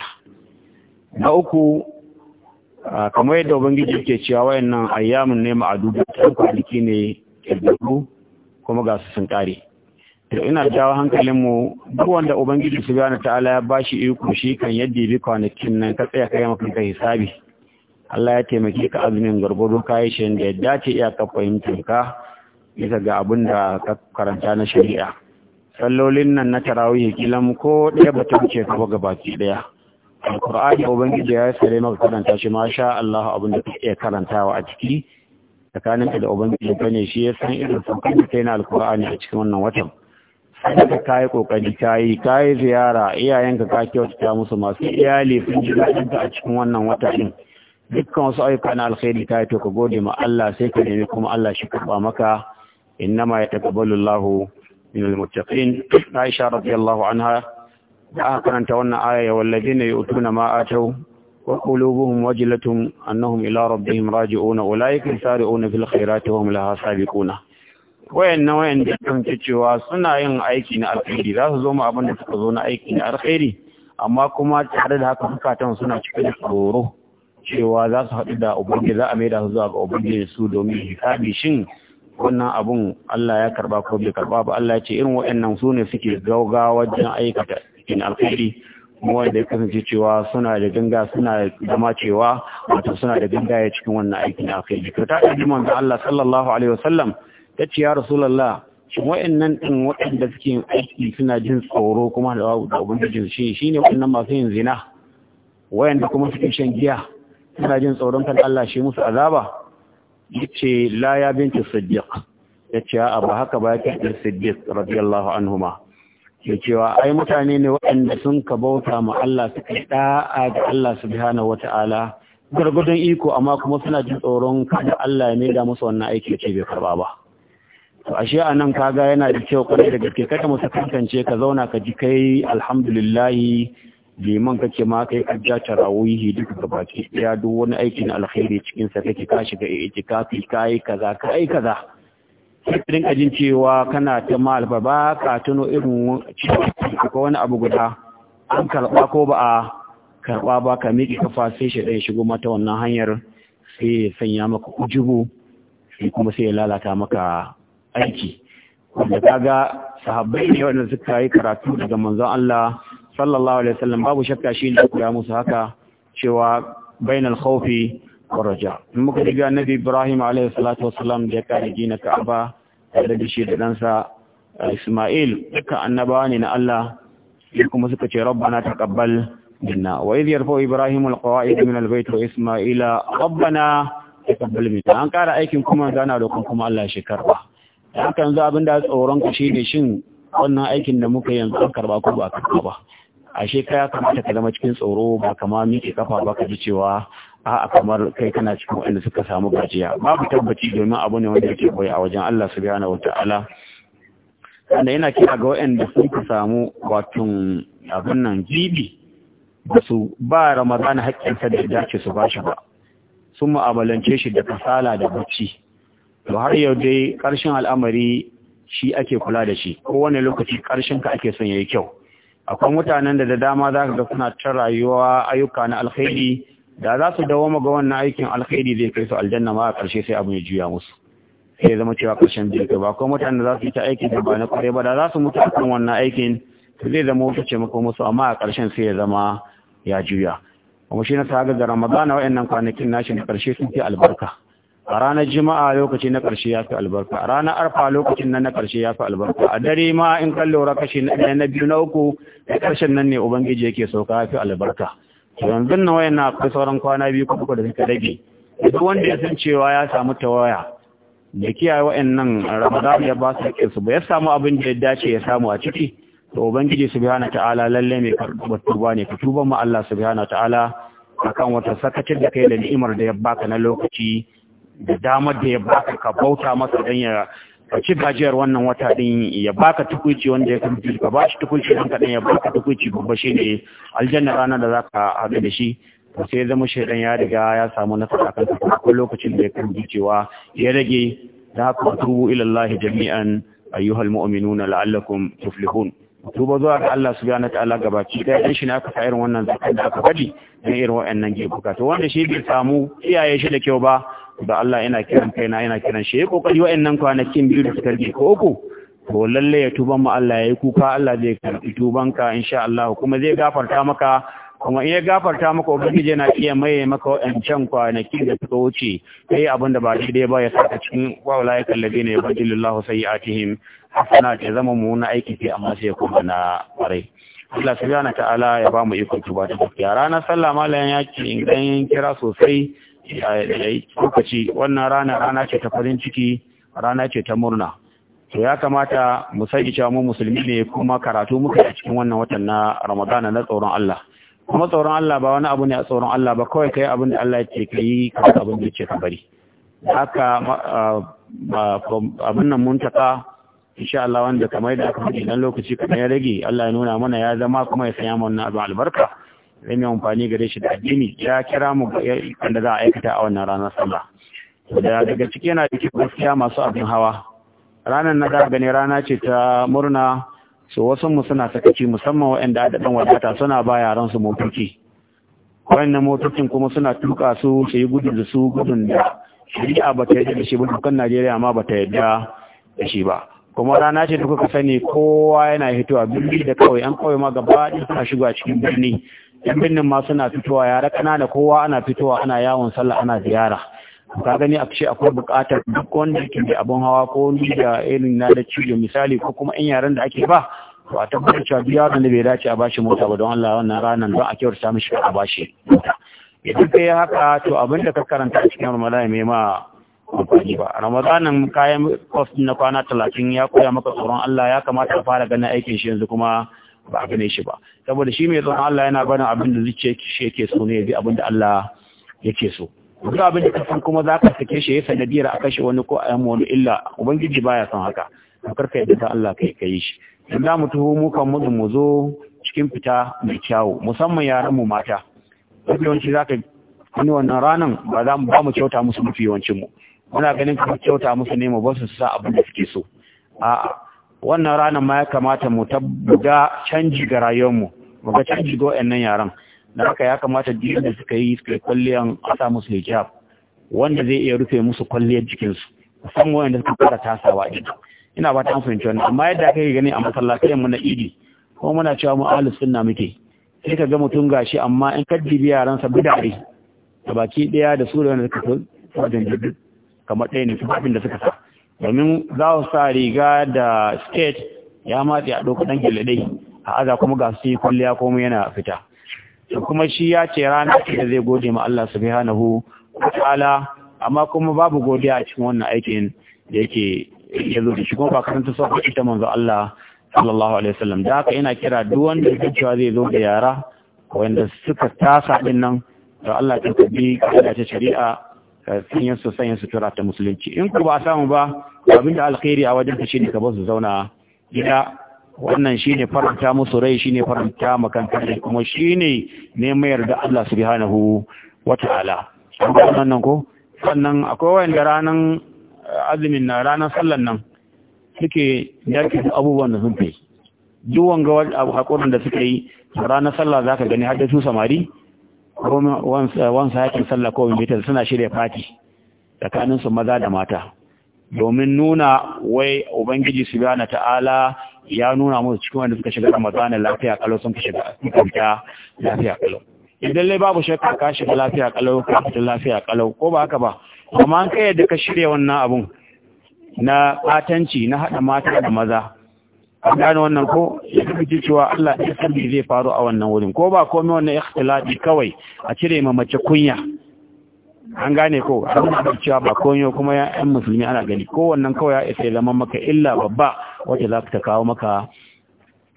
na uku kamar yadda ubangiji yake cewa wayannan ayyamin ne ma'adudu ta kwanaki ne ƙirɗaɗɗu kuma ga su sun ƙare to ina jawo hankalinmu duk wanda ubangiji su gane ta'ala ya bashi iko shi kan yadda bi kwanakin nan ka tsaya kai maka kai hisabi Allah ya taimake ka azumin ka yi shi da ya dace ka fahimta ka bisa ga abin da ka karanta na shari'a sallolin nan na tarawih kilan ko ɗaya ba ta wuce ka ga baki ɗaya alqur'ani ubangiji ya sare maka karanta shi masha Allah abin da iya karantawa a ciki tsakaninka da ubangiji ba ne shi ya san irin saukar da kai na alkur'ani a cikin wannan watan sadaka ka yi kokari ka yi ka yi ziyara iyayenka ka kyautata musu masu iyali sun ji daɗinka a cikin wannan wata din dukkan wasu ayyuka na alkhairi ka yi to ka gode ma Allah sai ka nemi kuma Allah shi karɓa maka innama ya taqabbalu Allahu minal muttaqin Aisha radiyallahu anha da aka karanta wannan aya ya wallazina yu'tuna ma atau وقلوبهم وجلة أنهم إلى ربهم راجعون أولئك يسارعون في الخيرات وهم لها سابقون wayan na wayan da kanci cewa suna yin aiki na alkhairi za su zo mu abin da suka zo na aiki na alkhairi amma kuma tare da haka zukatan suna cike da tsoro cewa za su haɗu da ubangiji za a maida su zuwa ga ubangiji su domin hisabi shin wannan abun Allah ya karba ko bai karba ba Allah ce irin waɗannan su ne suke gaugawa wajen aikata cikin alkhairi wanda ya kasance cewa suna da ganga suna zama cewa wato suna da ganga ya cikin wannan aiki na kai to ta ɗaji manzo Allah sallallahu alaihi wasallam ta ce ya rasulullah shin wa'annan din waɗanda suke yin aiki suna jin tsoro kuma da babu da ubangijin shi shine waɗannan masu yin zina wayanda kuma suke shan giya suna jin tsoron kan Allah shi musu azaba yace la ya binti siddiq yace a ba haka ba ya yake siddiq radiyallahu anhuma ke cewa ai mutane ne waɗanda sun ka bauta ma Allah su kai da'a ga Allah subhanahu wata'ala gargadon iko amma kuma suna jin tsoron kada Allah ya da musu wannan aiki ce bai karba ba to ashe a nan kaga yana da kyau kwarai da gaske kada mu kankance ka zauna ka ji kai alhamdulillah liman kake ma kai ajja tarawihi duka gabaki ya duk wani aikin alkhairi cikin sa kake ka shiga itikafi kai kaza kai kaza kirin ajin cewa kana ta malfa ba ka tuno irin ko wani abu guda an karba ko ba a karba ba ka miƙi kafa sai shi ɗaya shigo mata wannan hanyar sai ya sanya maka ujubu sai kuma sai ya lalata maka aiki wanda ga sahabbai ne wanda suka yi karatu daga manzon Allah sallallahu alaihi wasallam babu shakka shi ne ya musu haka cewa bainal khawfi waraja in muka riga annabi ibrahim alaihi salatu wasalam da ya kare gina ka'aba tare da shi da ɗansa isma'il duka annabawa ne na allah kuma suka ce rabbana taqabbal minna wa idh yarfa'u ibrahim alqawa'id min albayt wa isma'ila rabbana taqabbal minna an kara aikin kuma zana roƙon kuma allah shi karba dan kan abin abinda tsoron ka shine shin wannan aikin da muka yanzu an karba ku ba karba ba ashe kai ya kamata ka zama cikin tsoro ba kama miƙe kafa ba ka ji cewa a kamar kai kana cikin wanda suka samu gajiya babu tabbaci domin abu ne wanda yake koyi a wajen Allah subhanahu wataala wanda yana kira ga wanda suka samu watun abin nan jibi su ba hakkin ta da dace su ba shi ba sun ma'amalance shi da kasala da bacci to har yau dai ƙarshen al'amari shi ake kula da shi kowane lokaci karshen ka ake son yayi kyau akwai mutanen da da dama zaka ga suna ta rayuwa ayyuka na alkhairi da za su dawo ga wannan aikin alkhairi zai kai su aljanna ma a ƙarshe sai abu ya juya musu sai zama cewa ƙarshen zai kai ba ko mutane za su yi ta aiki da ba na kwarai ba da za su mutu akan wannan aikin zai zama wata ce maka musu amma a ƙarshen sai ya zama ya juya kuma shi na taga da ramadana wa'annan kwanakin nashi na ƙarshe sun fi albarka a ranar jima'a lokaci na ƙarshe ya fi albarka a ranar arfa lokacin nan na ƙarshe ya fi albarka a dare ma in kan lura kashi na biyu na uku na ƙarshen nan ne ubangiji yake sauka ya fi albarka yanzu na wayan na akwai sauran kwana biyu ko uku da suka rage duk wanda ya san cewa ya samu tawaya da kiyaye nan ramadan ya ba su hakkin su ba ya samu abin da ya dace ya samu a ciki to ubangiji subhanahu ta'ala lalle mai karɓar tuba ne ka tuba mu Allah subhanahu ta'ala akan wata sakacin da kai da ni'imar da ya baka na lokaci da damar da ya baka ka bauta masa dan ya ka ci gajiyar wannan wata din ya baka tukuci wanda ya kamfi ka ba shi tukuci ɗan kaɗan ya baka tukuci babba shi ne aljanna rana da za ka haɗu da shi to sai zama shaidan ya riga ya samu nasara kan sa Ko lokacin da ya kamfi cewa ya rage da haka tubu ilallahi jami'an ayyuhal mu'minuna la'allakum tuflihun tuba zuwa ga Allah subhanahu wa ta'ala gabaki ɗaya dan shi ne aka sa irin wannan zakat da aka gadi. na irin wa'annan gefuka to wanda shi bai samu iyaye shi da kyau ba da Allah yana kiran kaina yana kiran shi ya kokari wa'annan kwanakin biyu da suka rike ko uku to lalle ya tuba mu Allah yi kuka Allah zai karbi tubanka insha Allah kuma zai gafarta maka kuma in ya gafarta maka ubangiji yana iya maye maka wa'ancan kwanakin da suka wuce kai abin da ba daidai ba ya saka cikin wa ya kallabe ne yabdilillahu sayiatihim hasana ta zama mu na aiki ce amma sai kuma na kwarai Allah subhanahu ta'ala ya ba mu iko tuba da gaskiya ranar sallah malayan yaki in dan kira sosai Eh, lokaci wannan rana rana ce ta farin ciki rana ce ta murna to ya kamata mu sai cewa mu musulmi ne kuma karatu muka a cikin wannan watan na Ramadana na tsoron Allah kuma tsoron Allah ba wani abu ne a tsoron Allah ba kawai kai abin da Allah ce kai yi ka abin da yake kabari haka abin nan mun taka insha Allah wanda kamar da aka idan dan lokaci kaɗan ya rage Allah ya nuna mana ya zama kuma ya sanya mana abin albarka zai mai amfani gare shi da addini ya kira mu wanda za a aikata a wannan ranar sallah da daga ciki yana da gaskiya masu abin hawa ranar na daga gani rana ce ta murna su wasu mu suna sakaci musamman waɗanda da ɗan wadata suna ba yaran su motoci wannan motocin kuma suna tuka su su yi gudu da su gudun da shari'a ba ta yadda da shi ba dukkan najeriya ma ba ta yadda da shi ba kuma rana ce da kuka sani kowa yana hitowa birni da kawai an kawai ma gaba ɗin suna shigo cikin birni yan binnin ma suna fitowa yara kanana kowa ana fitowa ana yawon sallah ana ziyara ka gani a ce akwai buƙatar duk wanda yake da abin hawa ko ni da irin na da cijo misali ko kuma in yaran da ake ba to a tabbatar cewa duk yaron da bai dace a bashi mota ba don Allah wannan ranar don a ta mishi a bashi idan kai haka to abin da ka karanta cikin Ramadan mai ma amfani ba ramadanin kayan post na kwana talatin ya koya maka tsoron Allah ya kamata a fara ganin aikin shi yanzu kuma ba a gane shi ba saboda shi mai tsoron Allah yana barin abin da zuciya shi yake so ne bi abin da Allah yake so duk abin da kasan kuma za ka sake shi ya sanadiyar a kashe wani ko a yamma wani illa ubangiji baya son haka a karka yadda ta Allah kai kai shi in za mu tuho mu kan mu mu zo cikin fita mai kyawu musamman yaran mu mata duk yawanci ka ni wannan ranan ba za mu ba mu kyauta musu mafi yawancin mu muna ganin ka kyauta musu ne mu ba su sa abin da suke so a'a wannan ranar ma ya kamata mu tabbata canji ga rayuwar mu baka ci shiga wayannan yaran da haka ya kamata jirgin da suka yi suka kwalliyan a sa musu hijab wanda zai iya rufe musu kwalliyar jikinsu musamman wanda suka fara tasawa din ina ba ta an fahimci amma yadda yi gani a masallacin mu na idi kuma muna cewa mu ahlus sunna muke sai ka ga mutum gashi amma in kaddibi yaran sa bid'ari da baki daya da su da wanda suka fadin jirgin, kamar ɗaya ne abin da suka sa domin za su sa riga da skate ya matse a ɗauka ɗan a aza kuma ga su yi kwalliya komai yana fita kuma shi ya ce rana da zai gode ma Allah subhanahu wa ta'ala amma kuma babu godiya a cikin wannan aikin da yake ya zo da shi kuma ba karanta sauƙi ita manzo Allah sallallahu alaihi wasallam da haka yana kira duk wanda yake cewa zai zo da yara wanda suka tasa din nan to Allah ta tabi kada ta shari'a sanya su sosai su sutura ta musulunci in ku ba samu ba abinda alkhairi a wajen ta shine ka ba su zauna gida wannan shine faranta musu rai shine faranta makankan da kuma shine neman yarda Allah subhanahu wata'ala wannan ko sannan akwai wanda ranan eh, azumin na ranar sallan nan suke yakin abubuwan da sun fi duk wanga hakurin da suka yi ranar sallah zaka gani har da su samari wansa eh, yakin sallah ko mita suna shirya fati tsakanin su maza da mata domin nuna wai ubangiji subhanahu ta'ala ya nuna musu cikin wanda suka shiga ramadana lafiya kalau sun shiga fita lafiya kalau idan lai babu shakka ka shiga lafiya kalau ka fita lafiya kalau ko ba haka ba amma an kai yadda ka shirya wannan abun na katanci na hada mata da maza an gane wannan ko ya fi cewa Allah ya san zai faru a wannan wurin ko ba komai wannan ikhtilafi kawai a cire ma mace kunya an gane ko abin da cewa ba konyo kuma ya musulmi ana gani kowannan kawai ya isa zama maka illa babba wacce za ta kawo maka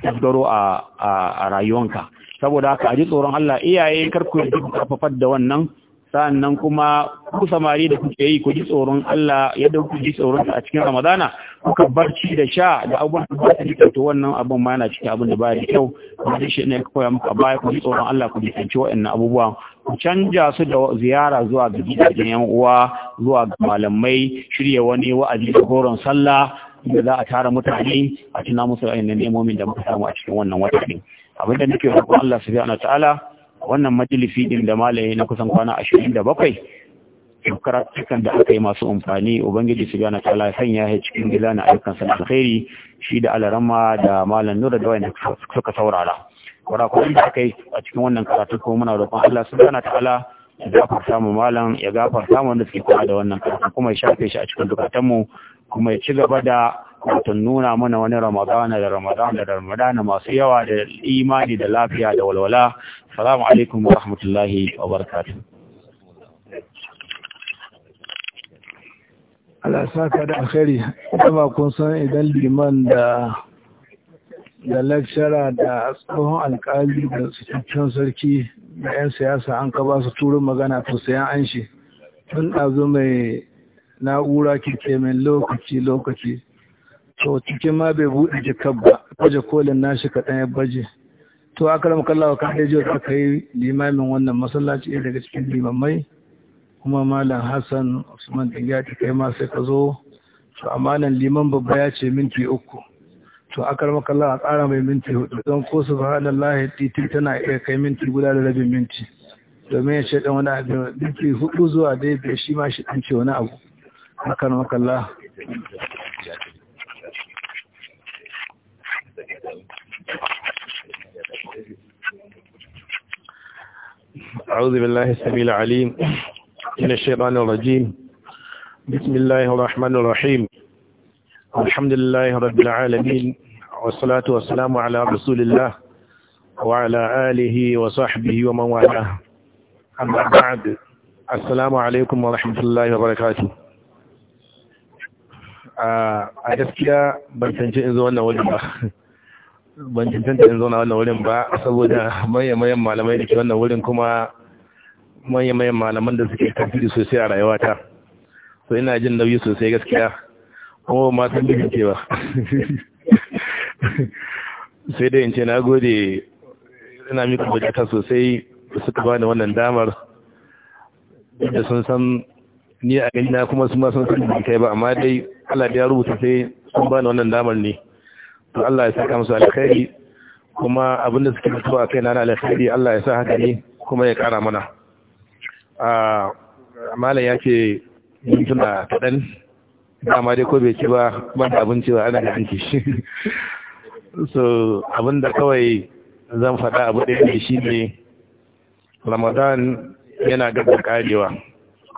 tasgaro a rayuwanka saboda haka a ji tsoron Allah iyaye karku yi duk karfafar da wannan sa'annan kuma ku samari da kuke yi ku ji tsoron Allah yadda ku ji tsoron a cikin Ramadana kuka barci da sha da abubuwan da ba ta to wannan abin ma yana cikin abin da ba ya kyau kuma shi ne koya muku a baya ku ji tsoron Allah ku ji tsanci waɗannan abubuwan ku canja su da ziyara zuwa ga gidajen yan uwa zuwa ga malamai shirya wani wa'azi da horon sallah inda za a tara mutane a tuna musu ainihin nemomin da muka samu a cikin wannan wata ne abin da nake roƙon Allah subhanahu ta'ala wannan majalisi din da malami na kusan kwana 27 cikin da aka yi masu amfani ubangiji su ta'ala ya sanya ya cikin gida na ayyukan sa khairi shi da alarama da malam nura da wani suka saurara kwarakwarin da aka yi a cikin wannan karatu Kuma muna roƙon Allah subhanahu ta'ala ya gafarta mu malam ya gafarta mu da suke kula da wannan karatu kuma ya shafe shi a cikin dukatan mu kuma ya ci gaba da wato nuna mana wani ramadana da ramadana da ramadana masu yawa da imani da lafiya da walwala salamu alaikum wa rahmatullahi wa barakatuh Allah saka da alkhairi kuma kun san idan liman da da lecturer, da tsohon alkali da cikakken sarki da 'yan siyasa an ka ba su turin magana to sayan an shi tun ɗazu mai na'ura ke mai lokaci-lokaci to cikin ma bai buɗe jikar ba waje kolin nashi kaɗan ya baje to aka rama kallawa ka haijiyar aka yi limamin wannan masallaci ɗaya daga cikin limamai kuma malam hassan usman ɗin ya kai ma sai ka zo to a malam liman babba ya ce minti uku to akar Allah a tsara mai minti hudu don ko su ba titin tana kai kai minti guda da rabin minti domin ya ce wani abin minti hudu zuwa dai bai shi ma shi ɗance wani abu akar Allah أعوذ بالله السميع العليم من الشيطان الرجيم بسم الله الرحمن الرحيم الحمد لله رب العالمين والصلاة والسلام على رسول الله وعلى آله وصحبه ومن والاه أما بعد السلام عليكم ورحمة الله وبركاته a gaskiya ban cancanci in zo wannan wajen ba ban cancanta in zo na wannan wurin ba saboda mayan malamai da ke wannan wurin kuma mayan malaman da suke tafiri sosai a rayuwata so ina jin nauyi sosai gaskiya kuma ma san da kake ba sai dai in na gode ina mika bukata sosai da suka bani wannan damar da sun san ni a gani na kuma sun ma sun da kai ba amma dai Allah ya rubuta sai sun bani wannan damar ne to Allah ya saka musu alkhairi kuma abinda suke mutuwa a kai na alkhairi Allah ya sa haka ne kuma ya kara mana a ah, malam ya ce mintuna kaɗan dama dai ko bai ci ba ban da abinci ba ana da hanki shi so da kawai zan faɗa abu ɗaya ne shi ne ramadan yana gaba karewa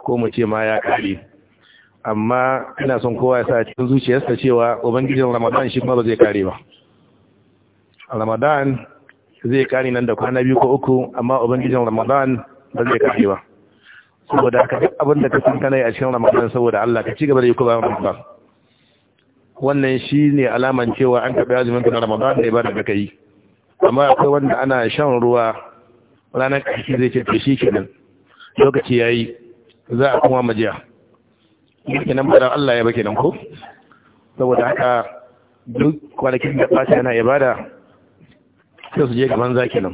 ko mu ce ma ya kare amma ina son kowa ya sa cikin zuciyarsa cewa ubangijin ramadan shi kuma ba zai kare ba ramadan zai kare nan da kwana biyu ko uku amma ubangijin ramadan ba zai kare ba saboda haka duk abin da ka san kana a cikin ramadan saboda Allah ka ci gaba da yi kuma ramadan wannan shi ne alaman cewa an kaɓe azumin ka na ramadan da ibada da ka yi amma akwai wanda ana shan ruwa ranar ƙarshe zai ce to shi kenan lokaci ya yi. za a kuma majiya nan ba Allah ya ba kenan ko saboda haka duk kwanakin da ɓata yana ibada sai su je gaban zaki nan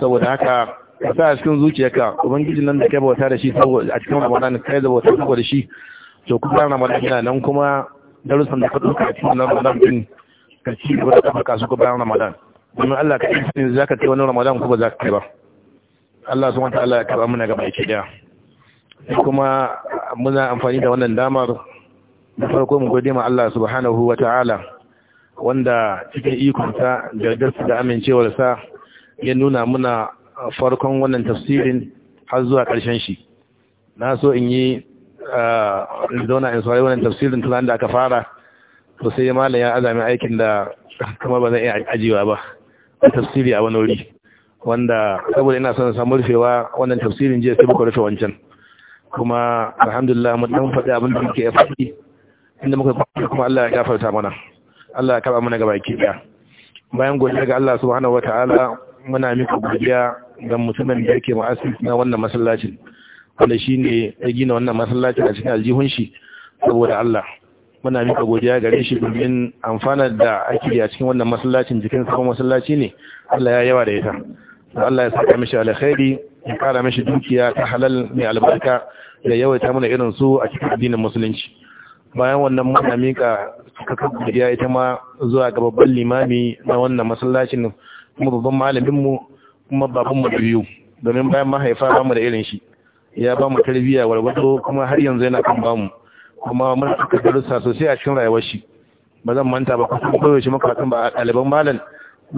saboda haka ka sa a cikin zuciyarka ubangiji nan da kai bauta da shi saboda a cikin ramadan kai da bauta saboda shi to kuma ramadan yana nan kuma darussan da ka dauka cikin nan ramadan din ka ci gaba da kafa su ko bayan ramadan domin Allah ka yi zaka kai wannan ramadan ko ba za ka kai ba Allah subhanahu wataala ya karba muna gaba ki da kuma muna amfani da wannan damar da farko mu gode ma Allah subhanahu wataala wanda cikin ikonsa da darsu da amincewarsa ya nuna muna farkon wannan tafsirin har zuwa ƙarshen shi na so in yi zauna in saurari wannan tafsirin tunan da aka fara to sai malam ya azami aikin da kuma ba zan iya ajiyewa ba a tafsiri a wani wuri wanda saboda ina son samu rufewa wannan tafsirin jiya sai muka rufe wancan kuma alhamdulillah mun dan faɗi abin da muke faɗi inda muka faɗi kuma Allah ya gafarta mana Allah ya karɓa mana gaba ki daya bayan godiya ga Allah subhanahu wataala muna mika godiya ga mutumin da yake ma'asir na wannan masallacin wanda shi ne ya gina wannan masallacin a cikin aljihun shi saboda Allah muna mika godiya gare shi domin amfana da ake a cikin wannan masallacin jikin kuma masallaci ne Allah ya yawa da ita Allah ya saka mishi alkhairi ya kara mishi dukiya ta halal mai albarka da yawaita mana irin su a cikin addinin musulunci bayan wannan muna mika kaka godiya ita ma zuwa ga babban limami na wannan masallacin kuma babban malaminmu kuma babanmu da biyu domin bayan mahaifa ba mu da irin shi ya ba mu tarbiyya warwato kuma har yanzu yana kan bamu kuma mun suka darussa sosai a cikin rayuwar shi ba zan manta ba kuma koyo shi maka kan ba ɗaliban malam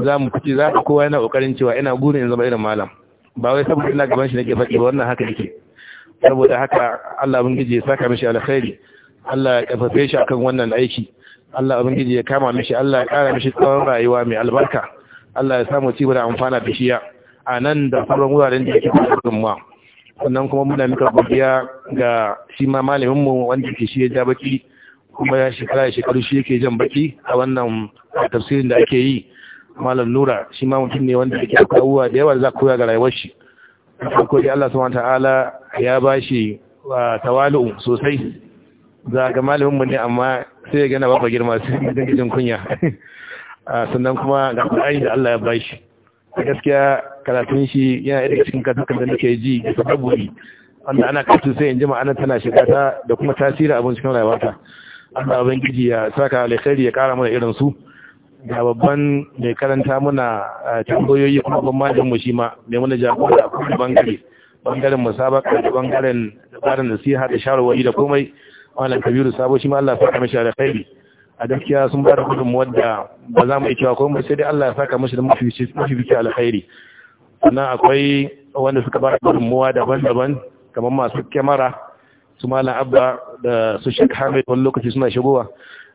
za mu fice za ka kowa yana kokarin cewa ina gurin in zama irin malam ba wai saboda ina gaban shi nake faɗi ba wannan haka yake saboda haka Allah ubangiji ya saka mishi alkhairi Allah ya kafafe shi akan wannan aiki Allah ubangiji ya kama mishi Allah ya kara mishi tsawon rayuwa mai albarka Allah ya samu ci da amfana da shiya a nan da sauran wuraren da yake cikin ma sannan kuma muna mika godiya ga shi ma malamin mu wanda ke shi ya ja baki kuma ya shekara ya shekaru shi yake jan baki a wannan tafsirin da ake yi malam nura shi ma mutum ne wanda yake kawuwa da yawa da za koya ga rayuwar shi farko dai Allah subhanahu ta'ala ya bashi tawalu sosai za ga malamin mu ne amma sai ya gana baba girma sai ya jin kunya <laughs> sannan kuma ga ƙur'ani da Allah ya shi. a gaskiya karatun shi yana daga cikin katakan da nake ji da sababuri wanda ana katu sai in ji ma'ana tana shiga ta da kuma tasiri abin cikin rayuwata Allah ubangiji ya saka alkhairi ya kara mana irin su ga babban mai karanta muna tambayoyi kuma ban majin mu shi ma mai muna jagora a kuma bangare bangaren musabaka da bangaren tsarin nasiha da shawarwari da komai wannan kabiru sabo shi ma Allah ya saka mishi alkhairi a gaskiya sun ba da gudunmuwar da ba za mu yi cewa kuma sai dai Allah ya saka musu da fice alkhairi sannan akwai wanda suka ba da muwa daban-daban kamar masu kyamara su malam abba da su shek hamid wani lokaci suna shigowa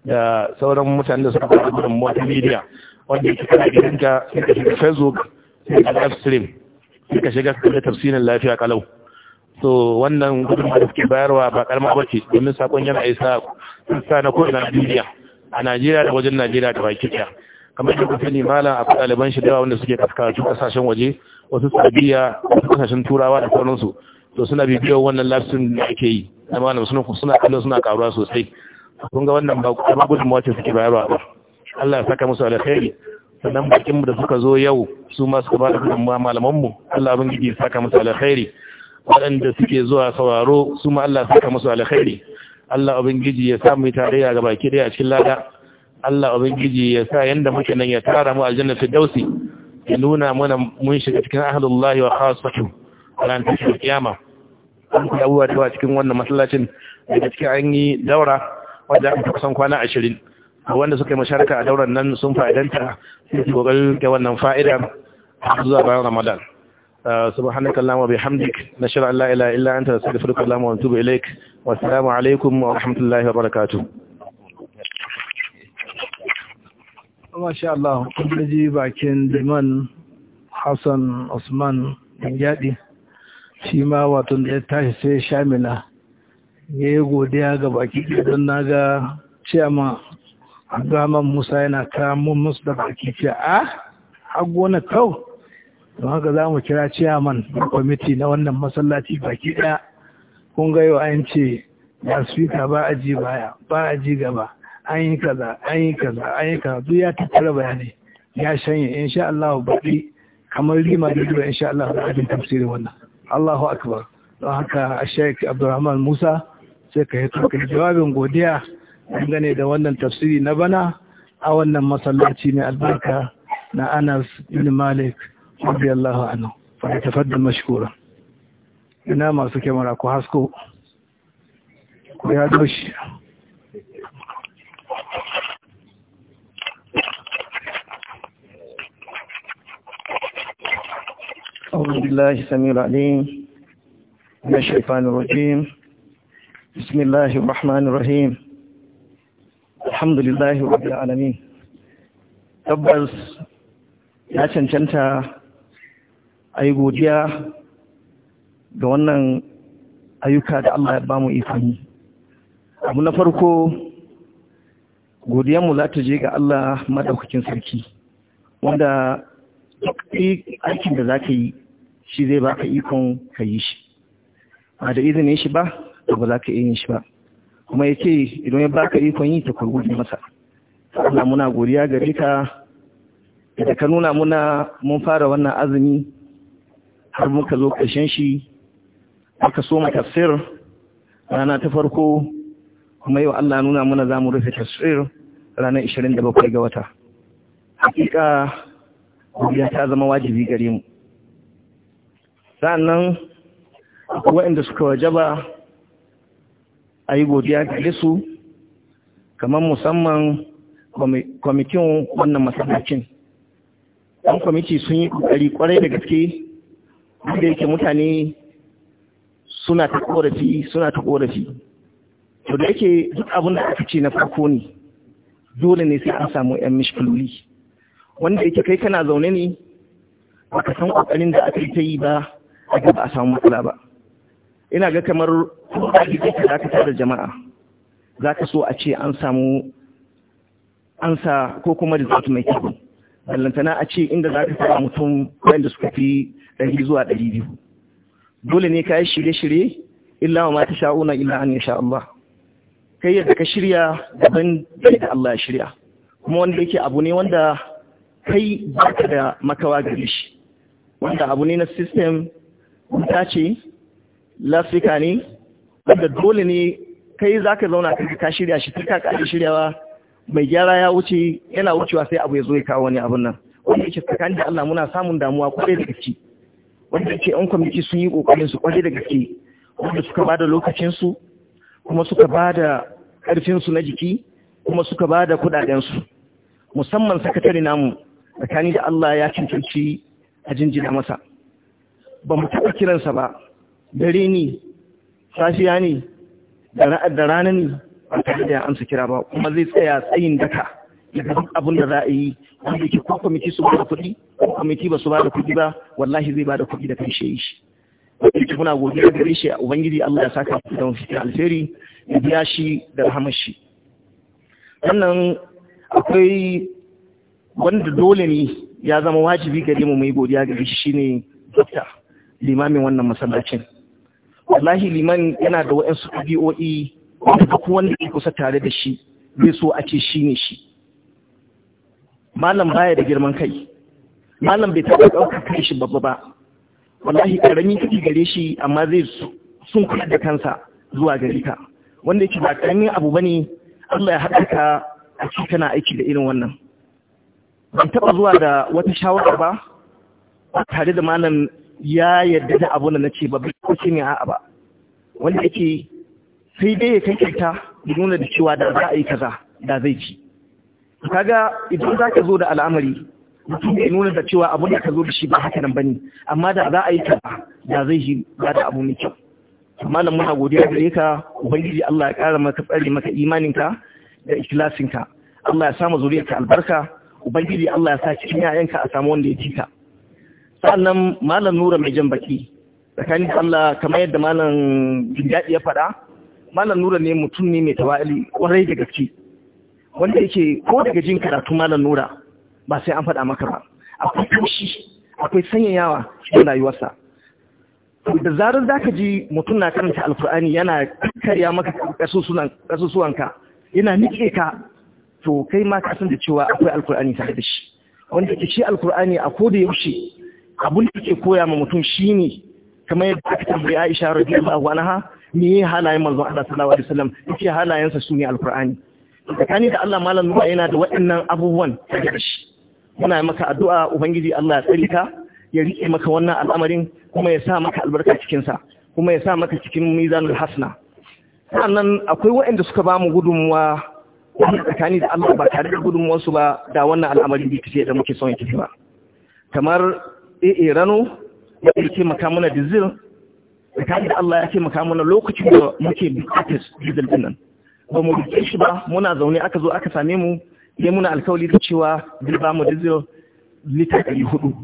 da sauran mutane da suka ba da muwa ta media wanda yake kana gidanka sai ka shiga facebook sai ka live stream sai ka shiga da tafsirin lafiya kalau so wannan gudunmuwa da suke bayarwa ba karama ce domin sakon yana isa sa na ko ina duniya a Najeriya da wajen Najeriya da baki daya kamar da kuka ni malam a ɗaliban shi da yawa wanda suke kaskacin kasashen waje wasu sabiya wasu kasashen turawa da sauransu to suna bibiyo wannan lafsin da ake yi Da malam suna suna kallo suna karuwa sosai kun ga wannan ba kuma gudunmawa ce suke bayarwa ba Allah ya saka musu alkhairi sannan bakin mu da suka zo yau su ma suka ba da gudunmawa malaman mu Allah bin gidi saka musu alkhairi waɗanda suke zuwa sauraro su ma Allah saka musu alkhairi Allah ubangiji ya samu tarayya ga baki daya a cikin lada Allah ubangiji ya sa yanda muke nan ya tara mu aljanna firdausi ya nuna mana mun shiga cikin ahlullahi wa khassatu ran ta kiyama an ku dawo ta cikin wannan masallacin daga cikin an yi daura wanda aka kusan kwana 20 wanda suka yi masharaka a dauran nan sun fa'idanta su kokarin ke wannan fa'ida zuwa bayan Ramadan سبحانك اللهم وبحمدك نشهد ان لا اله الا انت نستغفرك اللهم ونتوب اليك والسلام عليكم ورحمه الله وبركاته ما شاء الله kun ji bakin liman Hassan Usman Yadi shi ma wato da ya tashi sai Shamila yayi godiya ga baki don naga ciyama Abdulrahman Musa yana kama musu da baki ce a har gona kawai don haka za mu kira ciyaman kwamiti na wannan masallaci baki ɗaya kun ga yau an ce da spika ba a ji baya ba a ji gaba an yi kaza an yi kaza an yi kaza duk ya tattara bayanai ya shanye sha Allah baɗi kamar rima da duba sha Allah da abin tafsirin wannan Allahu akbar don haka Sheikh Abdulrahman Musa sai ka yi ka jawabin godiya dangane da wannan tafsiri na bana a wannan masallaci mai albarka na Anas bin Malik رضي الله عنه فليتفضل مشكورا ina masu يا ku hasko ku أعوذ بالله السميع العليم من الشيطان الرجيم بسم الله الرحمن الرحيم الحمد لله رب العالمين تبرز يا شنشنتا a yi godiya ga wannan ayyuka da Allah ya ba mu ikon abu na farko godiyanmu za ta je ga Allah maɗaukakin sarki wanda aikin da za ka yi shi zai baka ikon ka yi shi ba da izinin shi ba da ba za ka yi shi ba kuma ya ce idan ya baka ikon yi ta kurgudi masa Allah muna godiya gari ka da ka nuna muna mun fara wannan azumi har muka zo ƙarshen shi aka so tafsir rana ta farko kuma yau Allah nuna muna za mu rufe tafsir ranar 27 ga wata hakika godiya ta zama wajibi gare mu sa'annan waɗanda suka wajaba a yi godiya gare su kamar musamman kwamitin wannan masallacin ɗan kwamiti sun yi ƙoƙari ƙwarai da gaske wanda yake mutane suna ta korafi suna ta korafi to da yake duk abin da aka ce na farko ne dole ne sai an samu yan mishkiloli wanda yake kai kana zaune ne baka san kokarin da aka yi ta yi ba a ga ba a samu matsala ba ina ga kamar kuma da za ka da jama'a za ka so a ce an samu ansa ko kuma da result mai kyau ballantana a ce inda za ka fara mutum wanda suka fi ɗari zuwa ɗari biyu dole ne ka yi shirye-shirye illa ma ta sha'una illa an yasha Allah kai yadda ka shirya daban da Allah ya shirya kuma wanda yake abu ne wanda kai ba ka da makawa gare shi wanda abu ne na system ta ce lafika ne wanda dole ne kai za ka zauna ka shirya shi ta ka shiryawa mai gyara ya wuce yana wucewa sai abu ya zo ya kawo wani abin nan wanda yake tsakanin da Allah muna samun damuwa kwarai da gaske wanda yake yan kwamiti sun yi kokarin su kwarai da gaske wanda suka bada lokacin su kuma suka bada karfin su na jiki kuma suka bada kudaden su musamman sakatare namu tsakanin da Allah ya cancanci a jinjina masa ba mu taɓa kiransa ba dare ne safiya ne da rana ne ba tare da ya amsa kira ba kuma zai tsaya tsayin daka daga duk abin da za a yi wanda ke ko kwamiti su ba da kuɗi ko kwamiti ba su ba da kuɗi ba wallahi zai ba da kuɗi da kan shi shi yake muna godiya gare shi ubangiji Allah ya saka da fitar alheri ya biya shi da rahamar shi wannan akwai wanda dole ne ya zama wajibi gare mu mai godiya ga shi shine dokta limamin wannan masallacin wallahi liman yana da wa'ansu ɗabi'o'i wanda duk wanda ke kusa tare da shi zai so a ce shi ne shi malam baya da girman kai malam bai taɓa ɗaukar kai shi babba ba wallahi ƙarami kake gare shi amma zai sun kula da kansa zuwa gari ka wanda yake ba ƙaramin abu ba ne Allah ya haɗa ka a ci kana aiki da irin wannan ban taɓa zuwa da wata shawara ba tare da malam ya yarda da abu da na ce babba ko ce ne a'a ba wanda yake sai dai ya kankanta da nuna da cewa da za a yi kaza da zai ci kaga idan za ka zo da al'amari mutum ya nuna da cewa abin da ka zo da shi ba haka nan bane amma da za a yi kaza da zai yi ba da abu mai kyau malam muna godiya gare ka ubangiji Allah ya kara maka tsari maka imaninka da ikilasinka Allah ya samu ka albarka ubangiji Allah ya sa cikin yayanka a samu wanda ya cika nan malam nura mai jan baki tsakanin Allah kamar yadda malam Bindadi ya faɗa malam nura ne mutum ne mai tawali kwarai da gaske wanda yake ko daga jin karatu malam nura ba sai an faɗa maka ba akwai taushi akwai sanyayawa cikin rayuwarsa da zarar za ka ji mutum na karanta alkur'ani yana karya maka kasusuwanka yana nike ka to kai ma ka san da cewa akwai alkur'ani tare da shi wanda ke shi alkur'ani a koda yaushe abin da ke koya ma mutum shi ne kamar yadda aka tambayi Aisha wani ha me halayen manzon Allah sallallahu alaihi wasallam yace halayensa shine alqur'ani tsakani da Allah malam ruwa yana da waɗannan abubuwan da shi muna maka addu'a ubangiji Allah ya tsare ya rike maka wannan al'amarin kuma ya sa maka albarka cikin sa kuma ya sa maka cikin mizanul hasna sannan akwai waɗanda suka ba mu gudunmuwa tsakani da Allah ba tare da gudunmuwarsu ba da wannan al'amarin bai tafiye da muke son ya tafi ba kamar AA Rano ya taimaka mana Dizil. tsakani da Allah ya ce maka mana lokacin da muke bukatar diesel din nan ba mu rike shi ba muna zaune aka zo aka same mu sai muna alkawali da cewa zai ba mu dizo lita ɗari hudu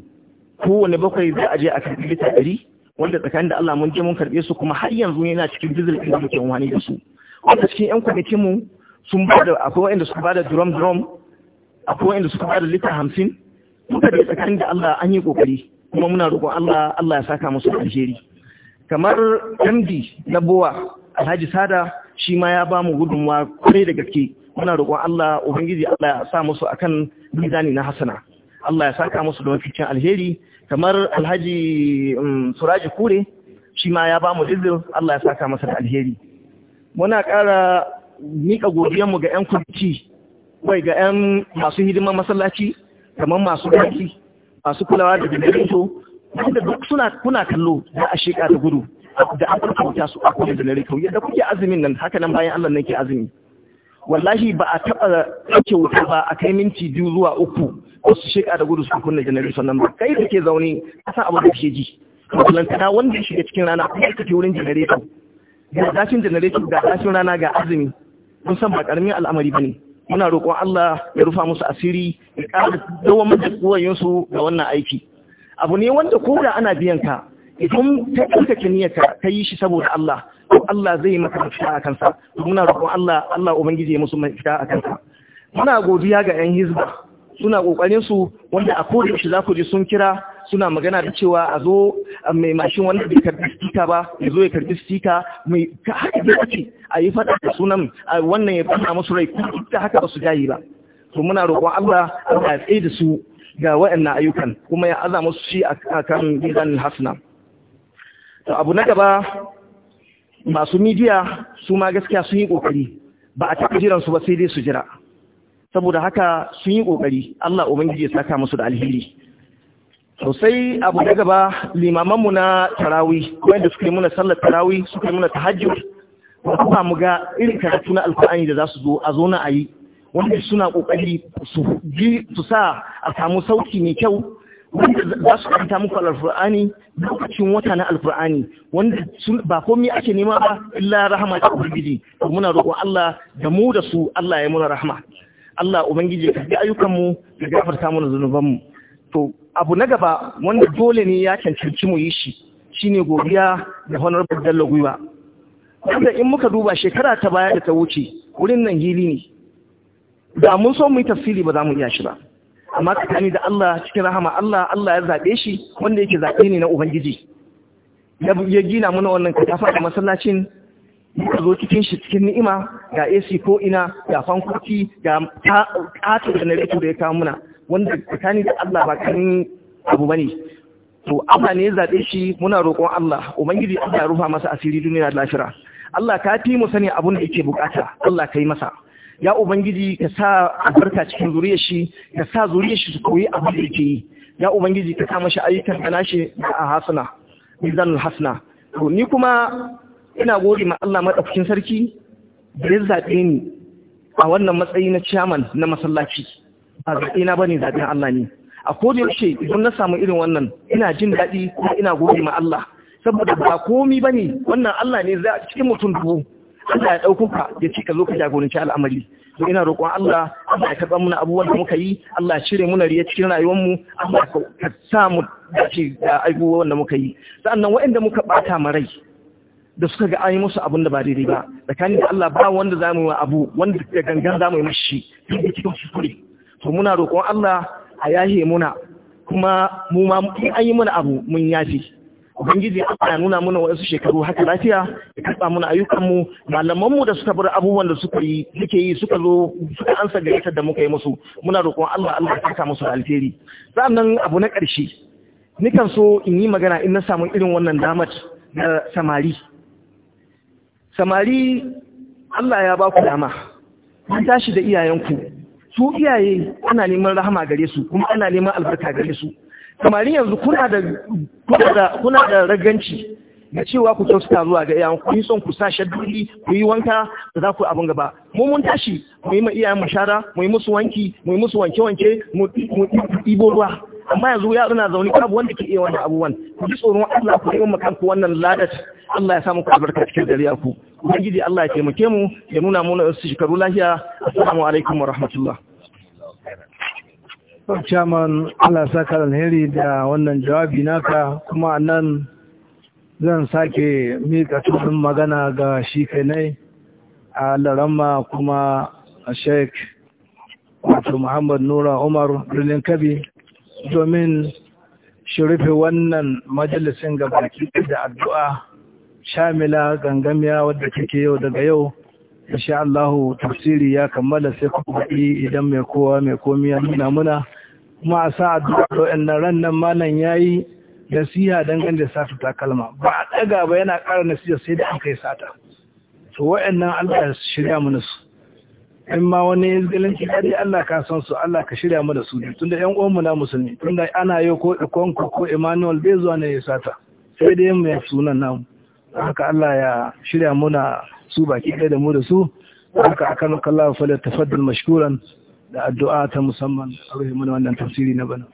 kowane bakwai za a je a karɓi lita ɗari wanda tsakanin da Allah mun je mun karɓe su kuma har yanzu yana cikin dizil din da muke wani da su wanda cikin yan kwamitin mu sun ba da akwai wanda suka ba da drum drum akwai wanda suka ba da lita hamsin muka da tsakanin da Allah an yi kokari kuma muna roƙon Allah Allah ya saka musu alheri kamar md na bowa alhaji sada shi ma ya ba mu gudunmuwa kwarai da gaske muna roƙon allah ubangiji allah ya sa musu akan mizani na hasana allah ya saka musu da mafikin alheri kamar alhaji um, suraji kure shi ma ya ba mu dizil allah ya saka masa da alheri muna ƙara miƙa mu ga 'yan kurci wai ga 'yan masu hidimar masallaci kamar masu gaki masu kulawa da jirgin wanda duk suna kuna kallo da a sheka da gudu da an kauta su a kuma da yadda kuke azumin nan haka nan bayan Allah nake azumi wallahi ba a taɓa ɗauke wuta ba a kai minti biyu zuwa uku ko su sheka da gudu su kunna janareto nan ba kai da ke zaune a san abin da ke ji wanda ya shiga cikin rana kuma ka tafi wurin janareto ga zafin janareto ga zafin rana ga azumi kun san ba karamin al'amari ba ne muna roƙon Allah ya rufa musu asiri ya ƙara dawamar da kuwayensu ga wannan aiki abu ne wanda ko ana biyan ka idan ta tsarkake niyyarka ta yi shi saboda Allah to Allah zai maka mafita a kansa muna roƙon Allah Allah ubangiji ya musu mafita a kansa muna godiya ga yan hizba suna kokarin su wanda a kodin shi za ku ji sun kira suna magana da cewa a zo mai mashin wanda bai karbi stika ba ya zo ya karbi stika mai ka haka da ake a yi faɗa da sunan a wannan ya fada musu rai ta haka ba su jayi ba to muna roƙon Allah Allah ya tsaye da su ga waɗannan ayyukan kuma ya aza musu shi a kan gidan hasna to abu na gaba masu midiya su ma gaskiya sun yi ƙoƙari, ba a taɓa jiransu ba sai dai su jira saboda haka sun yi ƙoƙari, Allah ubangiji ya saka musu da alheri sosai abu na gaba limamanmu na tarawi wanda suka yi muna sallar tarawi suka yi muna tahajjud ba mu ga irin karatu na alkur'ani da za su zo a zo na ayi wanda suna kokari su ji su sa a samu sauki mai kyau wanda za su karanta muku al-Qur'ani lokacin wata na alfur'ani wanda ba komai ake nema ba illa rahama ta ubangiji to muna roƙon Allah da mu da su Allah ya muna rahama Allah ubangiji ka bi ayyukan mu ya gafarta mana zunuban mu to abu na gaba wanda dole ne ya cancanci mu yi shi shine godiya da honorable Bello Gwiwa wanda in muka duba shekara ta baya da ta wuce wurin nan hili ne da mun so mu yi tafsiri ba za mu iya shi ba amma tsakani da Allah cikin rahama Allah Allah ya zaɓe shi wanda yake zaɓe ne na Ubangiji ya gina mana wannan katafa a masallacin muka zo cikin shi cikin ni'ima ga AC ko ina ga fankoki ga ƙato da narito da ya kawo muna wanda tsakani da Allah ba kan abu bane to Allah ne ya zaɓe shi muna roƙon Allah Ubangiji Allah ya rufa masa asiri duniya da lafira Allah ka fi mu sani abun da yake bukata Allah ka yi masa ya ubangiji ka sa albarka cikin zuriyar shi ka sa zuriyar shi su koyi abin da yake yi ya ubangiji ka sa mashi ayyukan da nashi a hasana mizanul hasana to ni kuma ina gode ma Allah madaukakin sarki da ya zabe ni a wannan matsayi na chairman na masallaci ba zabe na bane zabe Allah ne a koda yaushe idan na samu irin wannan ina jin daɗi kuma ina gode ma Allah saboda ba komi bane wannan Allah ne za cikin mutum dubu Allah ya ɗauko ka ya ce ka zo ka jagoranci al'amari to ina roƙon Allah Allah ya karɓa muna abubuwan da muka yi Allah ya cire muna riya cikin rayuwar mu Allah ka sa mu da shi da abubuwan da muka yi sannan waɗanda muka ɓata ma rai da suka ga an yi musu abin da ba daidai ba tsakanin da Allah ba wanda za mu yi abu wanda da gangan za mu yi mashi duk da cikin kuskure to muna roƙon Allah a yahe muna kuma mu ma in an yi mana abu mun yafe ubangiji Allah ya nuna mana wasu shekaru haka lafiya ya karba mana ayyukanmu malaman da suka bar abubuwan da suka yi suke yi suka zo suka ansa gaitar da muka yi musu muna roƙon Allah Allah ya saka musu alheri sannan abu na ƙarshe nikan so in yi magana in na samu irin wannan damar na samari samari Allah ya ba ku dama an tashi da iyayenku su iyaye ana neman rahama gare su kuma ana neman albarka gare su kamar yanzu kuna da kuna da raganci ga cewa ku kyautata zuwa ga iyayen ku yi son ku sa ku yi wanka da za ku abin gaba mu mun tashi mu yi ma iyayen mashara mu yi musu wanki mu yi musu wanke wanke mu ibo ruwa amma yanzu yaro na zaune kabu wanda ke iya wannan abubuwan ku ji tsoron Allah ku neman ku wannan ladat Allah ya samu ku albarka cikin ya ku ubangiji Allah ya taimake mu ya nuna mu na shekaru lafiya assalamu alaikum wa rahmatullah chairman Allah saka alheri da wannan jawabi naka kuma nan zan sake mika tudun magana ga shi kainai a larama kuma a sheik wato muhammad nura umar birnin kabi domin shirife wannan majalisin gabaki da addu'a shamila gangamiya wadda kike yau daga yau insha Allahu tafsiri ya kammala sai kuma idan mai kowa mai komi nuna muna kuma a sa addu'a da waɗannan ran nan malam yayi nasiha dangane da sa ta takalma ba a ɗaga ba yana ƙara nasiha sai da an kai sata to wa'annan Allah ya shirya mana su in ma wani izgilinci kare Allah ka san su Allah ka shirya mana su su tunda ƴan uwan mu na musulmi tunda ana yi ko ikonku ko Emmanuel bai zuwa ne ya sata sai dai mu ya sunan namu haka Allah ya shirya muna su baki ɗaya da mu da su haka akan Allah fa tafaddal mashkuran da addu’a ta musamman a ruhe mana wannan tafsiri na bana.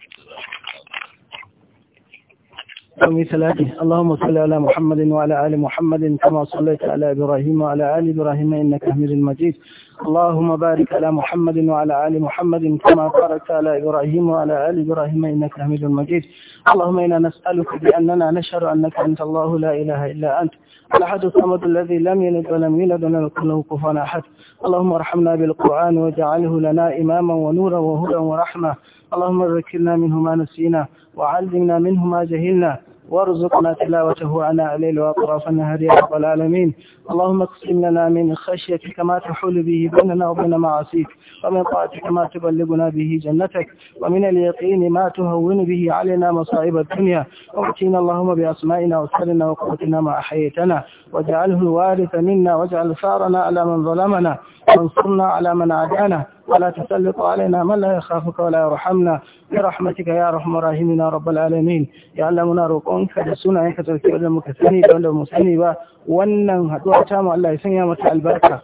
Kami salati, Allahumma salli ala Muhammadin wa ala Ali Muhammadin kama sallaita ala Ibrahim wa ala Ali Ibrahim inna ka hamidul Majid. Allahumma barik ala Muhammadin wa ala Ali Muhammadin kama barakta ala Ibrahim wa ala Ali Ibrahim inna ka hamidul Majid. Allahumma ina nas'aluka bi annana na annaka antal Allahu la ilaha illa anta الأحد الصمد الذي لم يلد ولم يولد ولم يكن له كفوا أحد اللهم ارحمنا بالقرآن واجعله لنا إماما ونورا وهدى ورحمة اللهم ذكرنا منه ما نسينا وعلمنا منه ما جهلنا وارزقنا تلاوته عنا الليل وأطراف النهر يا رب العالمين اللهم اقسم لنا من خشيتك ما تحول به بيننا وبين معاصيك ومن طاعتك ما تبلغنا به جنتك ومن اليقين ما تهون به علينا مصائب الدنيا واتينا اللهم بأسمائنا وسرنا وقوتنا ما أحييتنا واجعله الوارث منا واجعل ثارنا على من ظلمنا وانصرنا على من عادانا ولا تسلط علينا من لا يخافك ولا يرحمنا برحمتك يا رحم الراحمين رب العالمين ya Allah muna roƙonka da sunayenka sarki wanda muka wanda mu sani ba wannan mu Allah ya sanya albarka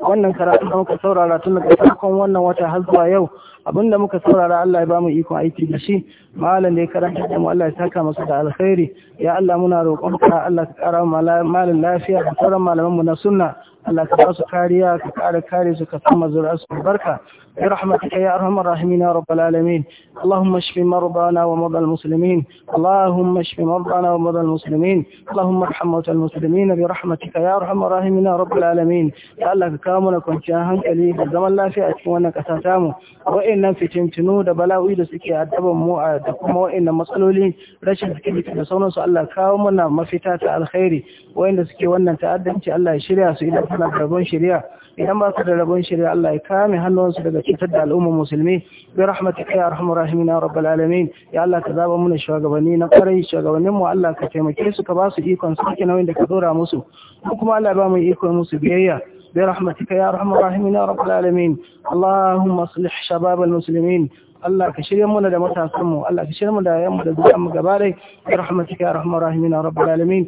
wannan karatu da muka saurara tun daga farkon wannan wata har zuwa yau abinda muka saurara Allah ya bamu iko aiki da shi malam da ya karanta da mu Allah ya saka masa da alkhairi ya Allah muna roƙonka Allah ka malam lafiya da sauran malaman mu na sunna Allah ka ba su kariya ka ƙara kare su ka sama su barka برحمتك يا أرحم الراحمين يا رب العالمين اللهم اشف مرضانا ومرضى المسلمين اللهم اشف مرضانا ومرضى المسلمين اللهم ارحم موتى المسلمين برحمتك يا أرحم الراحمين يا رب العالمين يا الله كامنا كنت hankali da zaman lafiya a cikin wannan ƙasa tamu wa'annan fitintunu da bala'o'i da suke addaban mu da kuma wa'annan matsaloli rashin security da sauransu Allah kawo mana mafita ta alkhairi wa'anda suke wannan ta'addanci Allah ya shirya su idan ba su da rabon shirya Allah ya kame hannuwansu daga cutar da al'ummar musulmi bi rahmatika ya arhamar rahimin ya rabbal alamin ya Allah ka zaba mana shugabanni na kwarai shugabannin mu Allah ka taimake su ka ba su ikon su nauyin da ka dora musu kuma Allah ba mu ikon musu biyayya برحمتك يا ارحم يا رب العالمين اللهم اصلح شباب المسلمين Allah ka shirya mana da matasanmu Allah ka shirya mana da yamma da zuwa mu gaba dai rahmatika ya rahmar rahimin ya rabbal alamin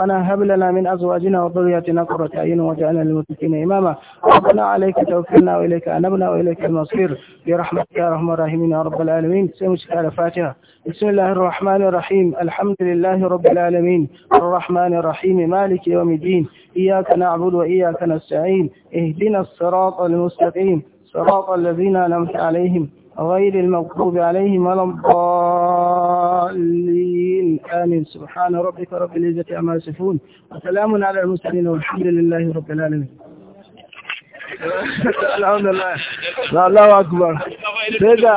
ana hab lana min azwajina wa dhurriyyatina qurrata a'yun waj'alna lil muttaqina imama rabbana alayka tawakkalna wa ilayka anabna wa ilayka al-masir bi rahmatika ya rahmar rahimin ya rabbal alamin sai mu shiga da fatiha بسم الله الرحمن الرحيم الحمد لله رب العالمين الرحمن الرحيم مالك يوم الدين إياك نعبد وإياك نستعين اهدنا الصراط المستقيم صراط الذين أنعمت عليهم غير المغضوب عليهم ولا الضالين آمين سبحان ربك رب العزة عما يصفون وسلام على المرسلين والحمد لله رب العالمين <laughs> الحمد لله <laughs> الله أكبر <laughs>